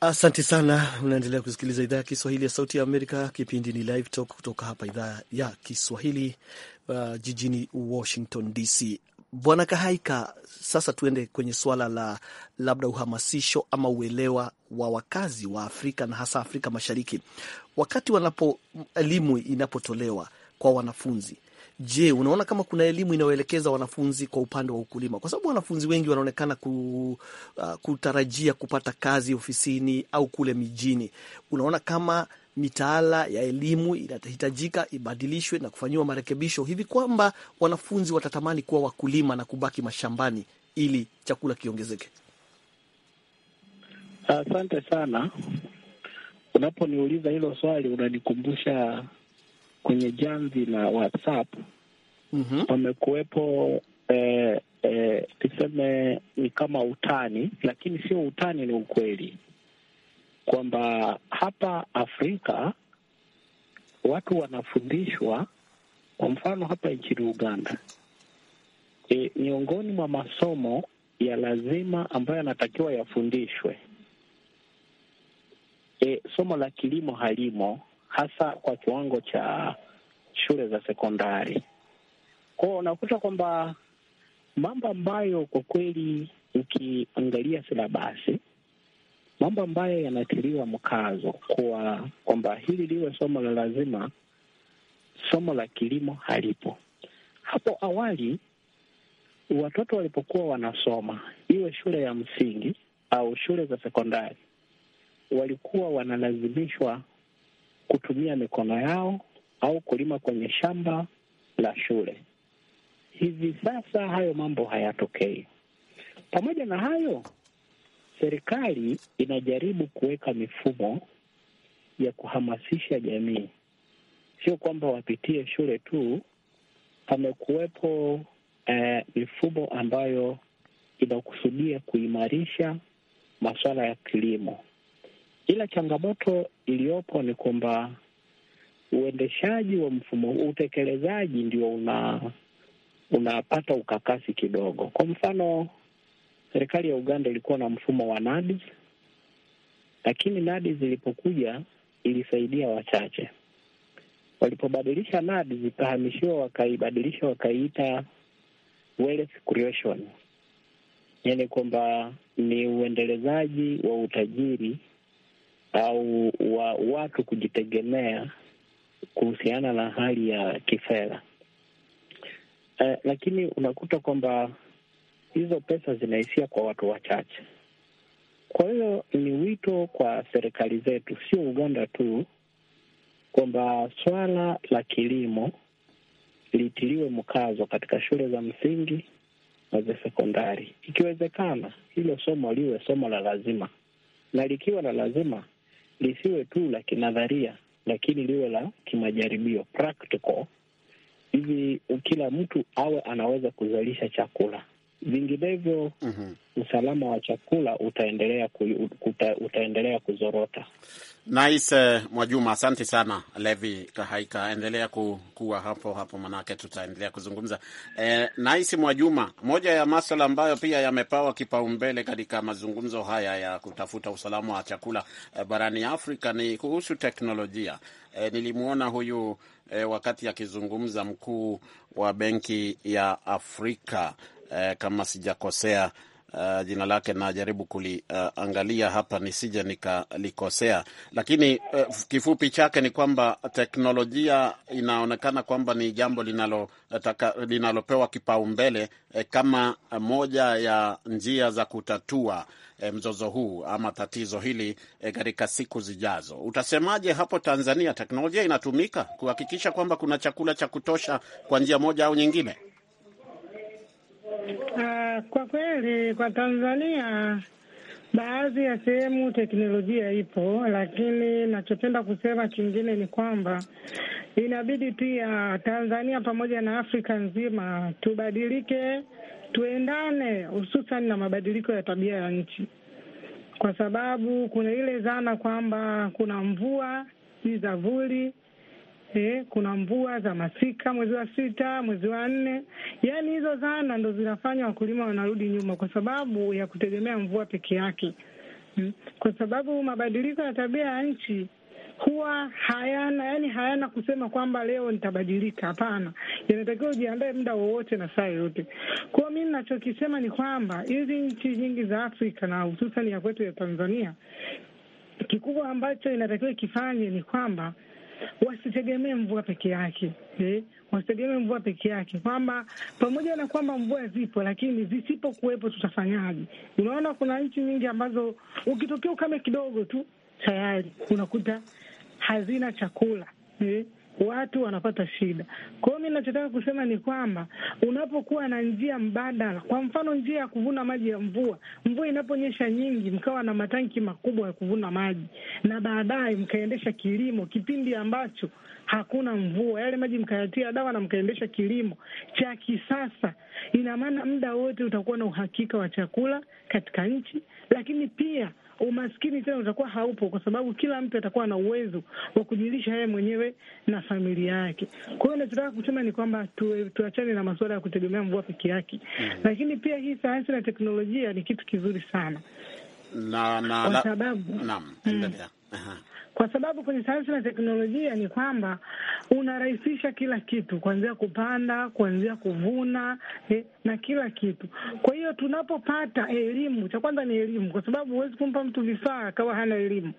Asante sana. Unaendelea kusikiliza idhaa ya Kiswahili ya Sauti ya Amerika. Kipindi ni Live Talk kutoka hapa idhaa ya Kiswahili uh, jijini Washington DC. Bwana Kahaika, sasa tuende kwenye suala la labda uhamasisho ama uelewa wa wakazi wa Afrika na hasa Afrika Mashariki, wakati wanapo elimu inapotolewa kwa wanafunzi Je, unaona kama kuna elimu inayoelekeza wanafunzi kwa upande wa ukulima, kwa sababu wanafunzi wengi wanaonekana ku, uh, kutarajia kupata kazi ofisini au kule mijini. Unaona kama mitaala ya elimu inahitajika ibadilishwe na kufanyiwa marekebisho hivi kwamba wanafunzi watatamani kuwa wakulima na kubaki mashambani ili chakula kiongezeke? Asante uh, sana. Unaponiuliza hilo swali unanikumbusha kwenye jamvi la WhatsApp wamekuwepo mhm. eh, eh, tuseme ni kama utani, lakini sio utani, ni ukweli kwamba hapa Afrika watu wanafundishwa. Kwa mfano hapa nchini Uganda, e, miongoni mwa masomo ya lazima ambayo yanatakiwa yafundishwe, e, somo la kilimo halimo hasa kwa kiwango cha shule za sekondari. Kwao unakuta kwamba mambo ambayo kwa kweli ukiangalia silabasi, mambo ambayo yanatiliwa mkazo kuwa kwamba hili liwe somo la lazima, somo la kilimo halipo. Hapo awali watoto walipokuwa wanasoma, iwe shule ya msingi au shule za sekondari, walikuwa wanalazimishwa kutumia mikono yao au kulima kwenye shamba la shule. Hivi sasa hayo mambo hayatokei. Pamoja na hayo, serikali inajaribu kuweka mifumo ya kuhamasisha jamii, sio kwamba wapitie shule tu. Pamekuwepo eh, mifumo ambayo inakusudia kuimarisha masuala ya kilimo Ila changamoto iliyopo ni kwamba uendeshaji wa mfumo huu, utekelezaji ndio una unapata ukakasi kidogo. Kwa mfano, serikali ya Uganda ilikuwa na mfumo wa NADI, lakini NADI zilipokuja ilisaidia wachache. Walipobadilisha NADI zikahamishiwa, wakaibadilisha wakaiita wealth creation, yaani kwamba ni uendelezaji wa utajiri au wa watu kujitegemea kuhusiana na hali ya kifedha eh, lakini unakuta kwamba hizo pesa zinaishia kwa watu wachache. Kwa hiyo ni wito kwa serikali zetu, sio Uganda tu, kwamba swala la kilimo litiliwe mkazo katika shule za msingi na za sekondari. Ikiwezekana hilo somo liwe somo la lazima, na likiwa la lazima lisiwe tu la kinadharia, lakini liwe la kimajaribio practical, hivi kila mtu awe anaweza kuzalisha chakula vinginevyo mm-hmm. usalama wa chakula utaendelea ku, uta, utaendelea kuzorota. Nice eh, Mwajuma, asante sana. Levi Kahaika, endelea ku, kuwa hapo hapo, manake tutaendelea kuzungumza nais eh, Nice Mwajuma, moja ya maswala ambayo pia yamepawa kipaumbele katika mazungumzo haya ya kutafuta usalama wa chakula e, barani Afrika ni kuhusu teknolojia e, nilimwona huyu e, wakati akizungumza mkuu wa benki ya Afrika eh, kama sijakosea Uh, jina lake najaribu kuliangalia uh, hapa nisije nikalikosea, lakini uh, kifupi chake ni kwamba teknolojia inaonekana kwamba ni jambo linalo, linalopewa kipaumbele eh, kama moja ya njia za kutatua eh, mzozo huu ama tatizo hili katika eh, siku zijazo. Utasemaje hapo Tanzania, teknolojia inatumika kuhakikisha kwamba kuna chakula cha kutosha kwa njia moja au nyingine? Uh, kwa kweli kwa Tanzania baadhi ya sehemu teknolojia ipo, lakini nachopenda kusema kingine ni kwamba inabidi pia Tanzania pamoja na Afrika nzima tubadilike, tuendane hususan na mabadiliko ya tabia ya nchi, kwa sababu kuna ile dhana kwamba kuna mvua si za vuli eh, kuna mvua za masika mwezi wa sita, mwezi wa nne. Yaani hizo zana ndo zinafanya wakulima wanarudi nyuma kwa sababu ya kutegemea mvua peke yake, hmm. Kwa sababu mabadiliko ya tabia ya nchi huwa hayana yani, hayana kusema kwamba leo nitabadilika. Hapana, inatakiwa ujiandae muda wowote na saa yoyote. hiyo mi nachokisema ni kwamba hizi nchi nyingi za Afrika na hususani ya kwetu ya Tanzania, kikubwa ambacho inatakiwa ikifanye ni kwamba wasitegemee mvua peke yake eh? wasitegemee mvua peke yake, kwamba pamoja na kwamba mvua zipo, lakini zisipokuwepo tutafanyaje? Unaona, kuna nchi nyingi ambazo ukitokea ukame kidogo tu tayari unakuta hazina chakula eh? watu wanapata shida. Kwa hiyo mi nachotaka kusema ni kwamba unapokuwa na njia mbadala, kwa mfano njia ya kuvuna maji ya mvua, mvua inaponyesha nyingi, mkawa na matanki makubwa ya kuvuna maji, na baadaye mkaendesha kilimo kipindi ambacho hakuna mvua, yale maji mkayatia dawa na mkaendesha kilimo cha kisasa. Ina maana muda wote utakuwa na uhakika wa chakula katika nchi, lakini pia umaskini tena utakuwa haupo, kwa sababu kila mtu atakuwa na uwezo wa kujilisha yeye mwenyewe na familia yake. Kwa hiyo nachotaka kusema ni kwamba tuachane na masuala ya kutegemea mvua peke yake, mm. lakini pia hii sayansi na teknolojia ni kitu kizuri sana na, na, kwa sababu na, na, na. Kwa sababu kwenye sayansi na teknolojia ni kwamba unarahisisha kila kitu, kuanzia kupanda, kuanzia kuvuna eh na kila kitu. Kwa hiyo tunapopata elimu, cha kwanza ni elimu, kwa sababu huwezi kumpa mtu vifaa akawa hana elimu.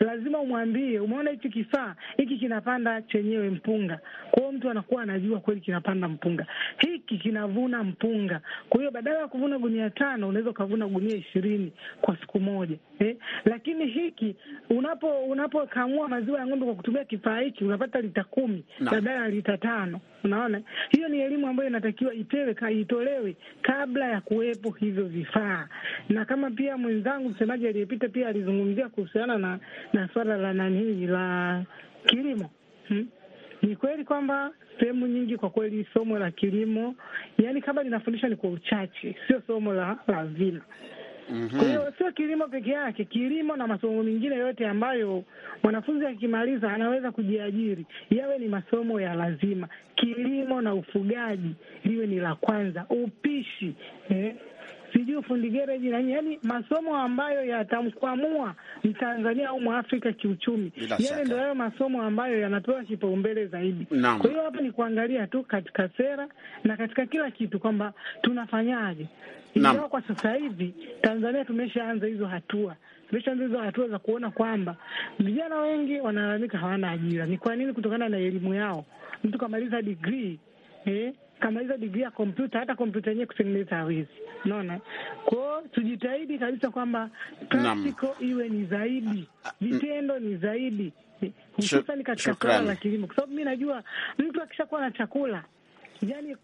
Lazima umwambie, umeona hichi kifaa hiki kinapanda chenyewe mpunga. Kwa hiyo mtu anakuwa anajua kweli kinapanda mpunga, hiki kinavuna mpunga. Kwa hiyo badala ya kuvuna gunia tano unaweza ukavuna gunia ishirini kwa siku moja eh? Lakini hiki unapo unapokamua maziwa ya ng'ombe kwa kutumia kifaa hiki unapata lita kumi badala ya lita tano. Unaona, hiyo ni elimu ambayo inatakiwa itewe ka itolewe kabla ya kuwepo hivyo vifaa, na kama pia mwenzangu msemaji aliyepita pia alizungumzia kuhusiana na na swala la nanii la kilimo hmm? Ni kweli kwamba sehemu nyingi kwa kweli somo la kilimo, yani kama linafundisha ni kwa uchache, sio somo la lazima. Mm -hmm. Kwa hiyo sio kilimo peke yake, kilimo na masomo mengine yote ambayo mwanafunzi akimaliza anaweza kujiajiri, yawe ni masomo ya lazima. Kilimo na ufugaji liwe ni la kwanza, upishi eh, sijui fundi gereji na yani masomo ambayo yatamkwamua Mtanzania au Mwafrika kiuchumi, yale yaani ndo hayo masomo ambayo yanapewa kipaumbele zaidi. Kwa hiyo hapa ni kuangalia tu katika sera na katika kila kitu kwamba tunafanyaje, ingawa kwa sasa hivi Tanzania tumeshaanza hizo hatua tumeshaanza hizo hatua za kuona kwamba vijana wengi wanalalamika hawana ajira. Ni kwa nini? Kutokana na elimu yao, mtu kamaliza degree eh, kamaliza digri ya kompyuta, hata kompyuta yenyewe kutengeneza hawezi. Unaona, kwao tujitahidi kabisa kwamba praktiko iwe ni zaidi, ah, mm. vitendo ni zaidi, hususani katika suala la kilimo, kwa sababu mi najua mtu akishakuwa na chakula Yani,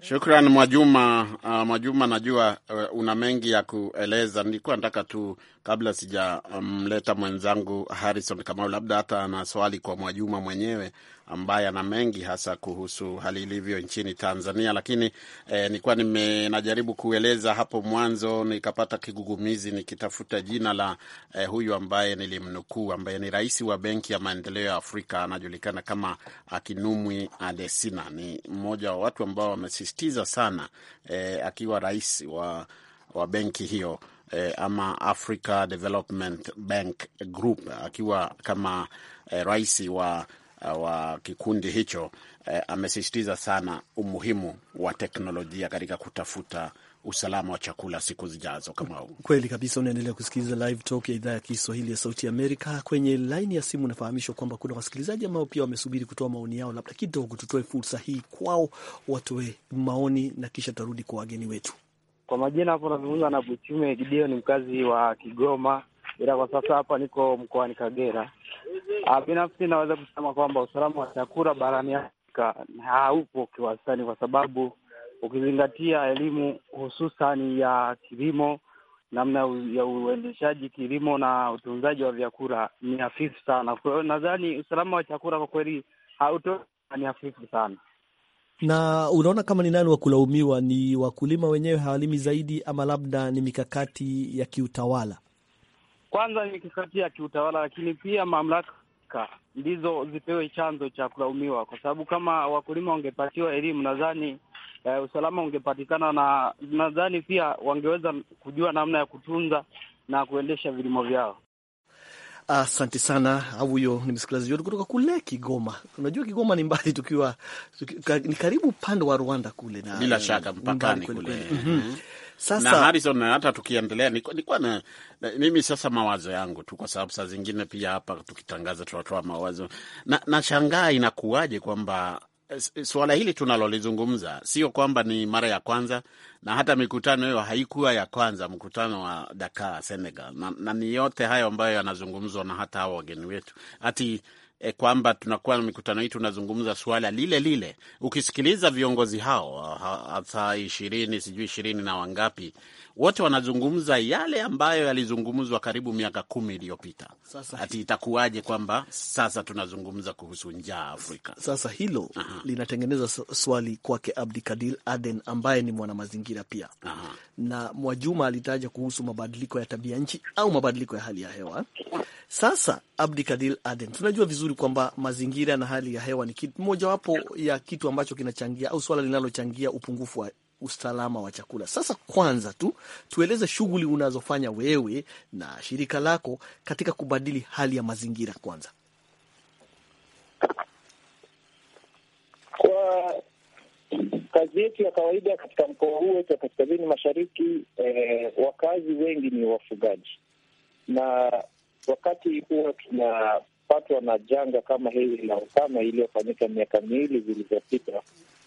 shukran. Mwajuma, uh, Mwajuma najua uh, una mengi ya kueleza. Nilikuwa nataka tu kabla sijamleta mm, um, mwenzangu Harrison Kamau, labda hata ana swali kwa Mwajuma mwenyewe ambaye ana mengi hasa kuhusu hali ilivyo nchini Tanzania, lakini eh, nilikuwa najaribu kueleza hapo mwanzo nikapata kigugumizi nikitafuta jina la eh, huyu ambaye nilimnukuu ambaye ni rais wa Benki ya Maendeleo ya Afrika, anajulikana kama Akinumwi Adesina. Ni mmoja wa watu ambao wamesisitiza sana eh, akiwa rais wa, wa benki hiyo eh, ama Africa Development Bank Group akiwa kama eh, rais wa Uh, wa kikundi hicho eh, amesisitiza sana umuhimu wa teknolojia katika kutafuta usalama wa chakula siku zijazo. Kama kweli kabisa. Unaendelea kusikiliza Live Talk ya idhaa ya Kiswahili ya Sauti Amerika. Kwenye laini ya simu unafahamishwa kwamba kuna wasikilizaji ambao pia wamesubiri kutoa maoni yao, labda kidogo tutoe fursa hii kwao watoe maoni na kisha tutarudi kwa wageni wetu. Kwa majina hapo nazungumza na Buchume Gideo, ni mkazi wa Kigoma ila kwa sasa hapa niko mkoani Kagera. Ah, binafsi naweza kusema kwamba usalama wa chakula barani Afrika haupo kiwastani, kwa sababu ukizingatia elimu hususani ya kilimo, namna ya uendeshaji kilimo na utunzaji wa vyakula ni hafifu sana. Kwa hiyo nadhani usalama wa chakula kwa kweli hauto ni hafifu sana na unaona kama ni nani wa kulaumiwa? Ni wakulima wenyewe hawalimi zaidi, ama labda ni mikakati ya kiutawala? kwanza mikakati ya kiutawala, lakini pia mamlaka ndizo zipewe chanzo cha kulaumiwa, kwa sababu kama wakulima wangepatiwa elimu, nadhani eh, usalama ungepatikana, na nadhani pia wangeweza kujua namna ya kutunza na kuendesha vilimo vyao. Asante sana. Huyo ni msikilizaji wetu kutoka kule Kigoma. Unajua Kigoma ni mbali, tukiwa tuki, ni karibu upande wa Rwanda kule na bila shaka mpakani kule, kule. Mm -hmm. Sasa na Harrison, hata tukiendelea, nikuwa na mimi sasa mawazo yangu tu, kwa sababu saa zingine pia hapa tukitangaza tunatoa mawazo na shangaa inakuwaje kwamba eh, suala hili tunalolizungumza sio kwamba ni mara ya kwanza, na hata mikutano hiyo haikuwa ya kwanza, mkutano wa Dakar Senegal, na, na ni yote hayo ambayo yanazungumzwa na hata awa wageni wetu ati e, kwamba tunakuwa na mikutano hii tunazungumza suala lile lile. Ukisikiliza viongozi hao ah, hasa ishirini sijui ishirini na wangapi, wote wanazungumza yale ambayo yalizungumzwa karibu miaka kumi iliyopita. Ati itakuwaje kwamba sasa tunazungumza kuhusu njaa Afrika? Sasa hilo Aha. linatengeneza swali kwake Abdi Kadil Aden ambaye ni mwanamazingira pia Aha. na Mwajuma alitaja kuhusu mabadiliko ya tabia nchi au mabadiliko ya hali ya hewa sasa Abdi Kadil Aden, tunajua vizuri kwamba mazingira na hali ya hewa ni mojawapo ya kitu ambacho kinachangia au swala linalochangia upungufu wa usalama wa chakula. Sasa kwanza tu tueleze shughuli unazofanya wewe na shirika lako katika kubadili hali ya mazingira kwanza. Kwa kazi yetu ya kawaida katika mkoa huu wetu wa kaskazini mashariki, eh, wakazi wengi ni wafugaji na wakati huwa tunapatwa na janga kama hili la ukame iliyofanyika miaka miwili zilizopita,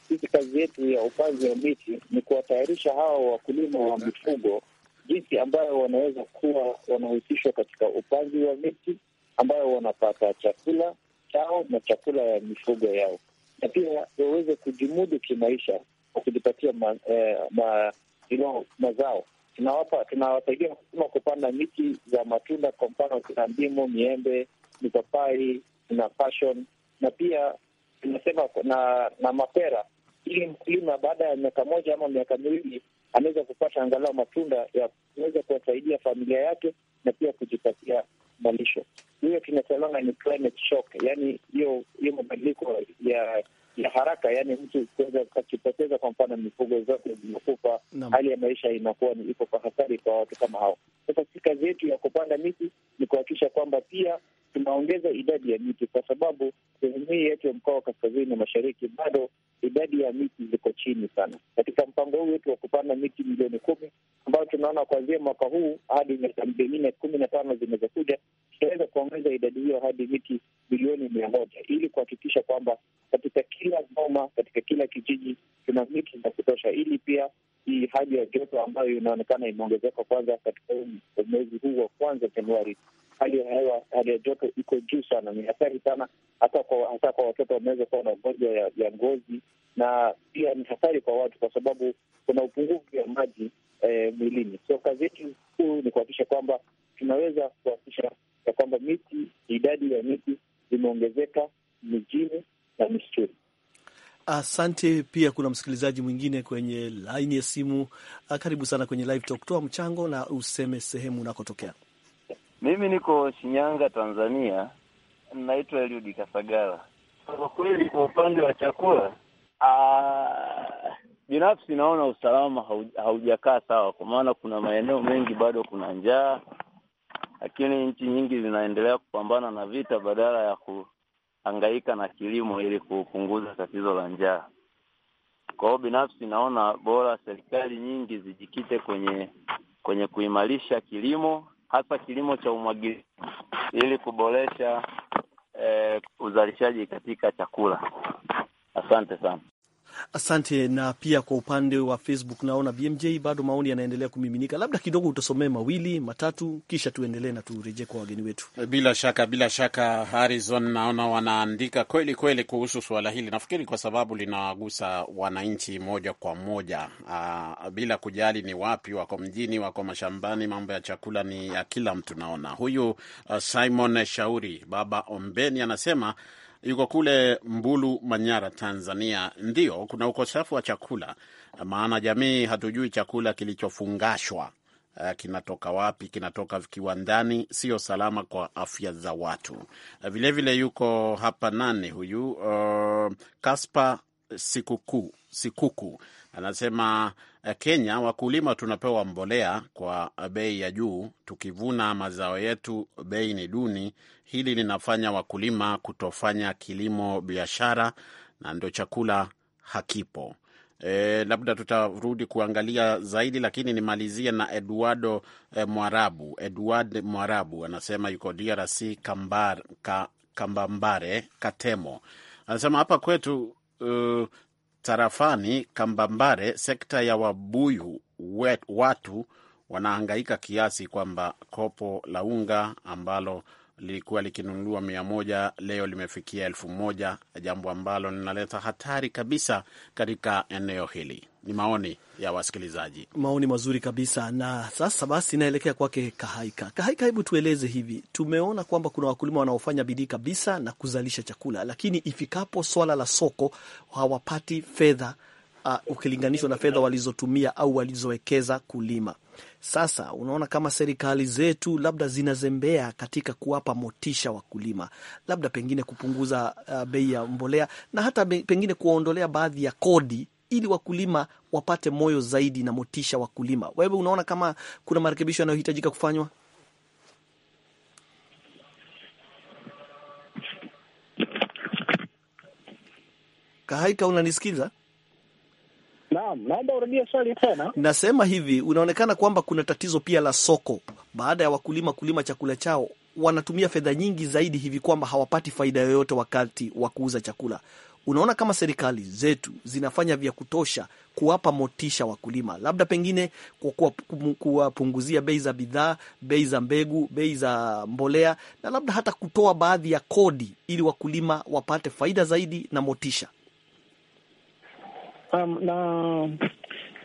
sisi kazi yetu ya upanzi wa miti ni kuwatayarisha hawa wakulima wa mifugo jinsi ambayo wanaweza kuwa wanahusishwa katika upanzi wa miti ambayo wanapata chakula chao na chakula ya mifugo yao, na pia waweze kujimudu kimaisha kwa kujipatia ma, eh, ma, you know, mazao tunawapa tunawasaidia wakulima kupanda miti za matunda, kwa mfano kuna ndimu, miembe, mipapai, tuna passion na pia tunasema na na mapera, ili mkulima baada ya miaka moja ama miaka miwili anaweza kupata angalau matunda ya kuweza kuwasaidia familia yake na pia kujipatia malisho. Hiyo tunasemanga ni climate shock, yaani hiyo hiyo mabadiliko ya ya haraka, yaani mtu kuweza akipoteza kwa mfano mifugo zote zimekufa, hali ya maisha inakuwa ni iko kwa hatari kwa watu kama hao. Sasa si kazi yetu ya kupanda miti, ni kuhakikisha kwamba pia tunaongeza idadi ya miti, kwa sababu sehemu hii yetu ya mkoa wa kaskazini mashariki bado idadi ya miti ziko chini sana. Katika mpango huu wetu wa kupanda miti milioni kumi ambayo tunaona kuanzia mwaka huu hadi miaka mingine kumi na tano zinazokuja, tutaweza kuongeza idadi hiyo hadi miti milioni mia moja ili kuhakikisha kwamba kila boma katika kila kijiji tuna miti za kutosha, ili pia hii hali ya joto ambayo inaonekana imeongezeka kwanza katika mwezi huu wa kwanza Januari, hali ya hewa, hali ya joto iko juu sana, ni hatari sana, hata kwa hata kwa watoto wanaweza kuwa na ugonjwa ya, ya ngozi, na pia ni hatari kwa watu kwa sababu kuna upungufu wa maji eh, mwilini. So kazi yetu kuu ni kuhakikisha kwamba tunaweza kuhakikisha ya kwamba miti, idadi ya miti zimeongezeka Asante. Pia kuna msikilizaji mwingine kwenye laini ya simu. Ah, karibu sana kwenye Live Talk, toa mchango na useme sehemu unakotokea. Mimi niko Shinyanga, Tanzania, naitwa Eliudi Kasagala. Kwa kweli, kwa upande wa chakula ah, binafsi naona usalama haujakaa sawa, kwa maana kuna maeneo mengi bado kuna njaa, lakini nchi nyingi zinaendelea kupambana na vita badala ya ku angaika na kilimo ili kupunguza tatizo la njaa. Kwa hiyo binafsi naona bora serikali nyingi zijikite kwenye kwenye kuimarisha kilimo, hasa kilimo cha umwagiliaji ili kuboresha eh, uzalishaji katika chakula. Asante sana. Asante. Na pia kwa upande wa Facebook naona BMJ bado maoni yanaendelea kumiminika, labda kidogo utasomee mawili matatu, kisha tuendelee na turejee kwa wageni wetu. Bila shaka, bila shaka, Harrison, naona wanaandika kweli kweli kuhusu suala hili. Nafikiri kwa sababu linawagusa wananchi moja kwa moja, aa, ah, bila kujali ni wapi wako, mjini wako, mashambani, mambo ya chakula ni ya kila mtu. Naona huyu uh, Simon Shauri baba Ombeni anasema yuko kule Mbulu, Manyara, Tanzania. Ndio kuna ukosefu wa chakula, maana jamii hatujui chakula kilichofungashwa eh, kinatoka wapi, kinatoka kiwandani, sio salama kwa afya za watu. Vilevile eh, vile yuko hapa nane huyu uh, Kaspa Sikuku, Sikuku anasema Eh, Kenya wakulima tunapewa mbolea kwa bei ya juu, tukivuna mazao yetu bei ni duni. Hili linafanya wakulima kutofanya kilimo biashara, na ndio chakula hakipo. E, labda tutarudi kuangalia zaidi, lakini nimalizie na Eduardo e, Mwarabu. Eduard Mwarabu anasema yuko DRC Kambar, ka, Kambambare Katemo, anasema hapa kwetu uh, tarafani Kambambare, sekta ya Wabuyu wet, watu wanahangaika kiasi kwamba kopo la unga ambalo lilikuwa likinunuliwa mia moja leo limefikia elfu moja jambo ambalo linaleta hatari kabisa katika eneo hili ni maoni ya wasikilizaji, maoni mazuri kabisa. Na sasa basi naelekea kwake Kahaika. Kahaika, hebu tueleze hivi, tumeona kwamba kuna wakulima wanaofanya bidii kabisa na kuzalisha chakula, lakini ifikapo swala la soko hawapati fedha uh, ukilinganishwa na fedha walizotumia au walizowekeza kulima. Sasa unaona kama serikali zetu labda zinazembea katika kuwapa motisha wakulima, labda pengine kupunguza uh, bei ya mbolea na hata pengine kuwaondolea baadhi ya kodi ili wakulima wapate moyo zaidi na motisha wakulima. Wewe unaona kama kuna marekebisho yanayohitajika kufanywa? Kahaika, unanisikiza? naomba urudie swali tena. Nasema hivi, unaonekana kwamba kuna tatizo pia la soko, baada ya wakulima kulima chakula chao wanatumia fedha nyingi zaidi hivi kwamba hawapati faida yoyote wakati wa kuuza chakula unaona kama serikali zetu zinafanya vya kutosha kuwapa motisha wakulima, labda pengine kwa kuwapunguzia bei za bidhaa, bei za mbegu, bei za mbolea, na labda hata kutoa baadhi ya kodi ili wakulima wapate faida zaidi na motisha? Um, na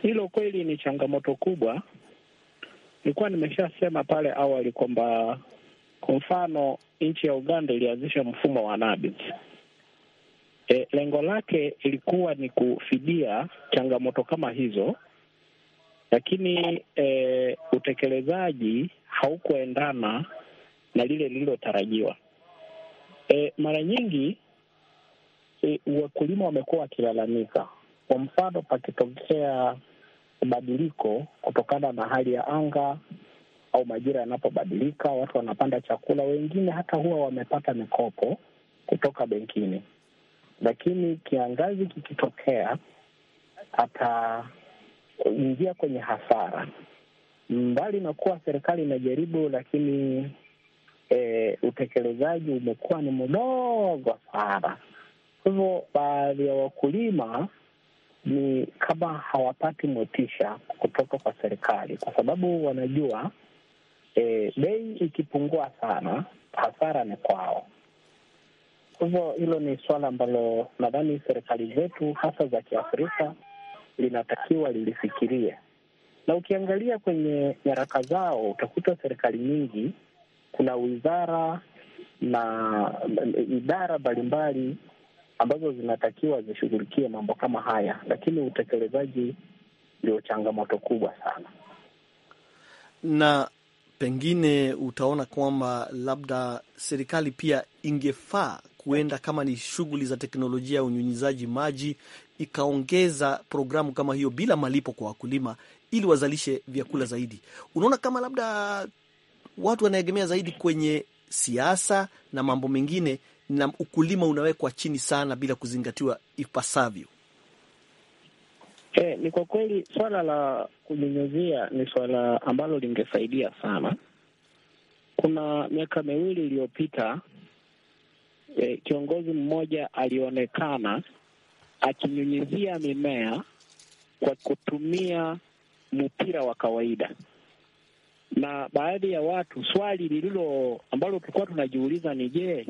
hilo kweli ni changamoto kubwa. Nilikuwa nimeshasema pale awali kwamba kwa mfano nchi ya Uganda ilianzisha mfumo wa nabis E, lengo lake ilikuwa ni kufidia changamoto kama hizo, lakini e, utekelezaji haukuendana na lile lililotarajiwa. E, mara nyingi e, wakulima wamekuwa wakilalamika. Kwa mfano, pakitokea mabadiliko kutokana na hali ya anga au majira yanapobadilika, watu wanapanda chakula, wengine hata huwa wamepata mikopo kutoka benkini lakini kiangazi kikitokea ataingia kwenye hasara. Mbali na kuwa serikali inajaribu, lakini e, utekelezaji umekuwa ni mdogo sana. Kwa hivyo baadhi ya wakulima ni kama hawapati motisha kutoka kwa serikali, kwa sababu wanajua eh, bei e, ikipungua sana hasara ni kwao. Kwa hivyo hilo ni suala ambalo nadhani serikali zetu hasa za Kiafrika linatakiwa lilifikirie, na ukiangalia kwenye nyaraka zao utakuta serikali nyingi kuna wizara na idara mbalimbali ambazo zinatakiwa zishughulikie mambo kama haya, lakini utekelezaji ndio changamoto kubwa sana. Na pengine utaona kwamba labda serikali pia ingefaa huenda kama ni shughuli za teknolojia ya unyunyizaji maji ikaongeza programu kama hiyo bila malipo kwa wakulima ili wazalishe vyakula zaidi. Unaona kama labda watu wanaegemea zaidi kwenye siasa na mambo mengine, na ukulima unawekwa chini sana bila kuzingatiwa ipasavyo. Hey, eh, ni kwa kweli swala la kunyunyuzia ni swala ambalo lingesaidia sana. Kuna miaka miwili iliyopita eh, kiongozi mmoja alionekana akinyunyizia mimea kwa kutumia mpira wa kawaida, na baadhi ya watu, swali lililo ambalo tulikuwa tunajiuliza ni je,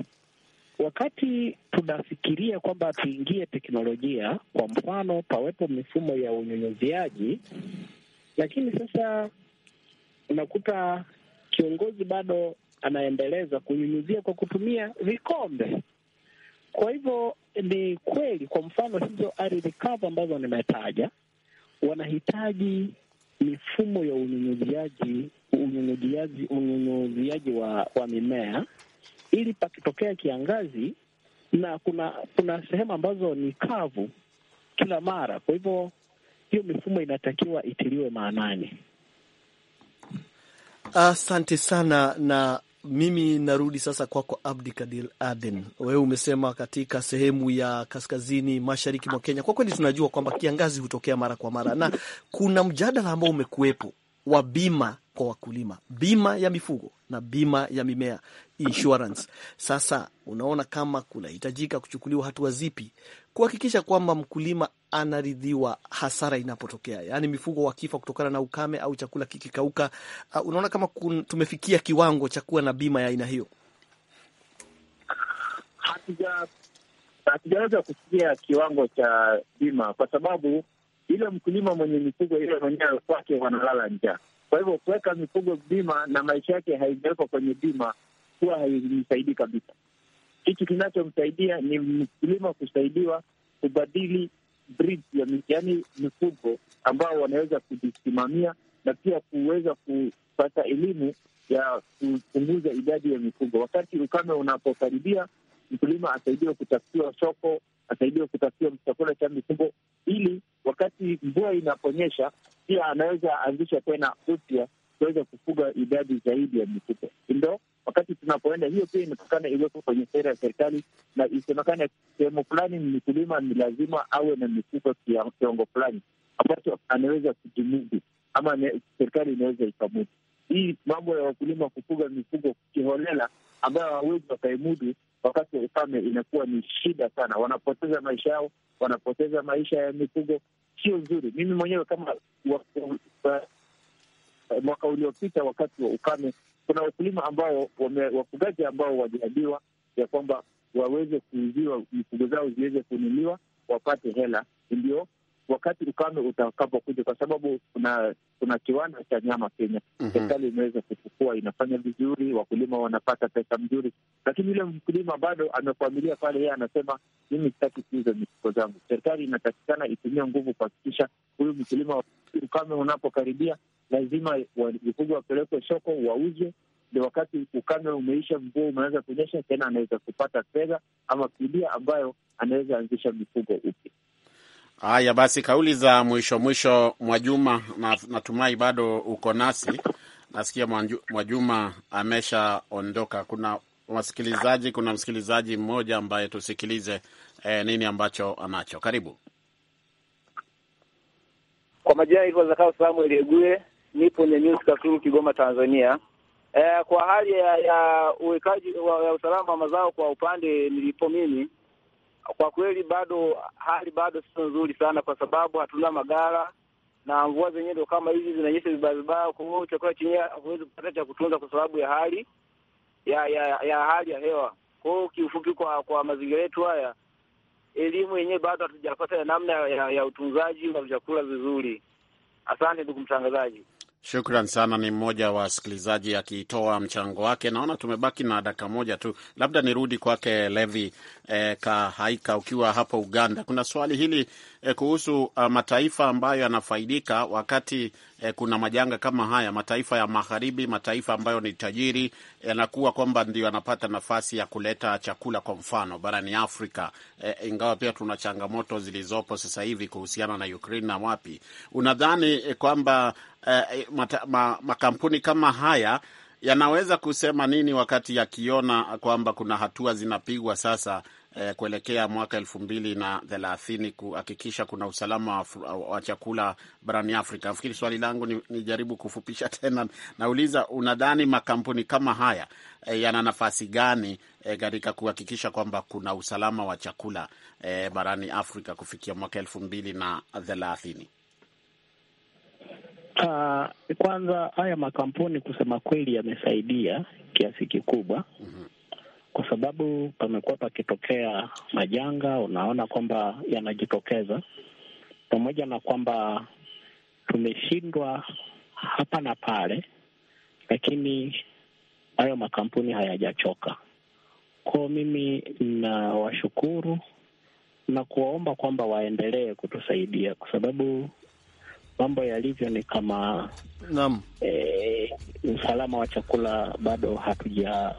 wakati tunafikiria kwamba tuingie teknolojia, kwa mfano pawepo mifumo ya unyunyuziaji, lakini sasa unakuta kiongozi bado anaendeleza kunyunyuzia kwa kutumia vikombe. Kwa hivyo ni kweli, kwa mfano hizo ardhi kavu ambazo nimetaja, wanahitaji mifumo ya unyunyuziaji unyunyuziaji unyunyuziaji wa, wa mimea ili pakitokea kiangazi na kuna kuna sehemu ambazo ni kavu kila mara. Kwa hivyo hiyo mifumo inatakiwa itiliwe maanani. Asante sana na mimi narudi sasa kwako kwa Abdi Kadir Aden, wewe umesema katika sehemu ya kaskazini mashariki mwa Kenya, kwa kweli tunajua kwamba kiangazi hutokea mara kwa mara, na kuna mjadala ambao umekuwepo wa bima kwa wakulima, bima ya mifugo na bima ya mimea insurance. Sasa unaona kama kunahitajika kuchukuliwa hatua zipi kuhakikisha kwamba mkulima anaridhiwa hasara inapotokea, yaani mifugo wakifa kutokana na ukame au chakula kikikauka. Uh, unaona kama kun, tumefikia kiwango cha kuwa na bima ya aina hiyo? Hatujaweza kufikia kiwango cha bima kwa sababu ile mkulima mwenye mifugo ile mwenyewe kwake wanalala njaa. Kwa hivyo kuweka mifugo bima na maisha yake haijawekwa kwenye bima, huwa haimsaidii kabisa. Kitu kinachomsaidia ni mkulima kusaidiwa kubadili breed ya yaani mifugo ambao wanaweza kujisimamia na pia kuweza kupata elimu ya kupunguza idadi ya mifugo. Wakati ukame unapokaribia, mkulima asaidiwa kutafutiwa soko, asaidiwa kutafutiwa chakula cha mifugo, ili wakati mvua inaponyesha, pia anaweza anzisha tena upya kuweza kufuga idadi zaidi ya mifugo. ndo wakati tunapoenda. Hiyo pia imetokana iwepo kwenye sera ya serikali, na isemekane sehemu fulani mkulima ni lazima awe na mifuko kiwango fulani ambacho anaweza kujimudu ama serikali inaweza ikamudu. Hii mambo ya wakulima kufuga mifugo kiholela ambayo hawawezi wakaimudu wakati wa ukame inakuwa ni shida sana, wanapoteza maisha yao, wanapoteza maisha ya mifugo, sio nzuri. Mimi mwenyewe kama mwaka uliopita wakati wa ukame kuna wakulima ambao wafugaji ambao waliahidiwa ya kwamba waweze kuuziwa mifugo zao ziweze kununuliwa wapate hela, ndio wakati ukame utakapokuja, kwa sababu kuna kuna kiwanda cha nyama Kenya. mm -hmm. Serikali imeweza kuchukua, inafanya vizuri, wakulima wanapata pesa mzuri, lakini yule mkulima bado amekuamilia pale. Yeye anasema mimi sitaki kuuza mifugo zangu. Serikali inatakikana itumia nguvu kuhakikisha huyu mkulima, ukame unapokaribia, lazima mifugo wapelekwe soko, wauzwe. Ndio wakati ukame umeisha, mvua umeanza kunyesha tena, anaweza kupata fedha ama fidia ambayo anaweza anzisha mifugo upya. Haya basi, kauli za mwisho mwisho, Mwajuma, na natumai bado uko nasi. Nasikia Mwajuma ameshaondoka. Kuna wasikilizaji, kuna msikilizaji mmoja ambaye tusikilize e, nini ambacho anacho. Karibu. Kwa majina, Samuel Egure nipo News Kasulu, Kigoma, Tanzania. E, kwa hali ya, ya uwekaji wa ya usalama wa mazao kwa upande nilipo mimi, kwa kweli bado hali bado sio nzuri sana, kwa sababu hatuna magara na mvua zenyewe ndio kama hizi zinanyesha vibaya vibaya. Kwa hiyo chakula chenyewe huwezi kupata cha kutunza kwa sababu ya hali ya, ya, ya hali ya hewa. Kwa hiyo kiufupi, kwa kwa mazingira yetu haya, elimu yenyewe bado hatujapata namna ya, ya utunzaji wa vyakula vizuri. Asante ndugu mtangazaji. Shukran sana. Ni mmoja wa wasikilizaji akitoa mchango wake. Naona tumebaki na dakika moja tu, labda nirudi kwake Levi eh, Kahaika, ukiwa hapo Uganda. Kuna swali hili Eh, kuhusu uh, mataifa ambayo yanafaidika wakati eh, kuna majanga kama haya, mataifa ya magharibi, mataifa ambayo ni tajiri yanakuwa kwamba ndio yanapata nafasi ya kuleta chakula, kwa mfano barani Afrika E, ingawa pia tuna changamoto zilizopo sasa hivi kuhusiana na Ukraine na wapi. Unadhani kwamba e, ma, makampuni kama haya yanaweza kusema nini wakati yakiona kwamba kuna hatua zinapigwa sasa eh, kuelekea mwaka elfu mbili na thelathini kuhakikisha kuna usalama wa chakula barani Afrika? Nafikiri swali langu ni, jaribu kufupisha tena, nauliza unadhani makampuni kama haya eh, yana nafasi gani eh, katika eh, kuhakikisha kwamba kuna usalama wa chakula eh, barani Afrika kufikia mwaka elfu mbili na thelathini? Uh, kwanza haya makampuni kusema kweli yamesaidia kiasi kikubwa mm -hmm. Kwa sababu pamekuwa pakitokea majanga, unaona kwamba yanajitokeza, pamoja na kwamba tumeshindwa hapa na pale, lakini hayo makampuni hayajachoka. Kwao mimi nawashukuru na kuwaomba kwamba waendelee kutusaidia kwa sababu mambo yalivyo ni kama naam, eh, usalama wa chakula bado hatuja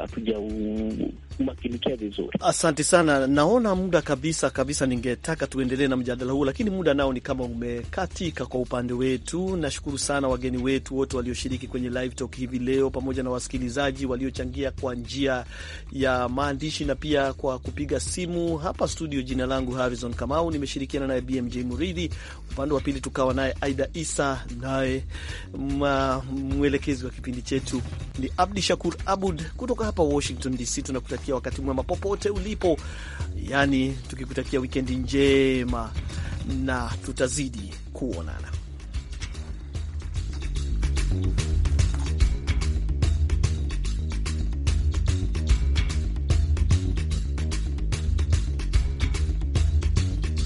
hatujaumakinikia vizuri. Asante sana, naona muda kabisa kabisa, ningetaka tuendelee na mjadala huu, lakini muda nao ni kama umekatika kwa upande wetu. Nashukuru sana wageni wetu wote walioshiriki kwenye live talk hivi leo, pamoja na wasikilizaji waliochangia kwa njia ya maandishi na pia kwa kupiga simu hapa studio. Jina langu Harrison Kamau, nimeshirikiana naye BMJ Muridhi upande wa pili pili tukawa naye Aida Isa, naye mwelekezi wa kipindi chetu ni Abdi Shakur Abud kutoka hapa Washington DC. Tunakutakia wakati mwema popote ulipo, yaani tukikutakia wikendi njema na tutazidi kuonana.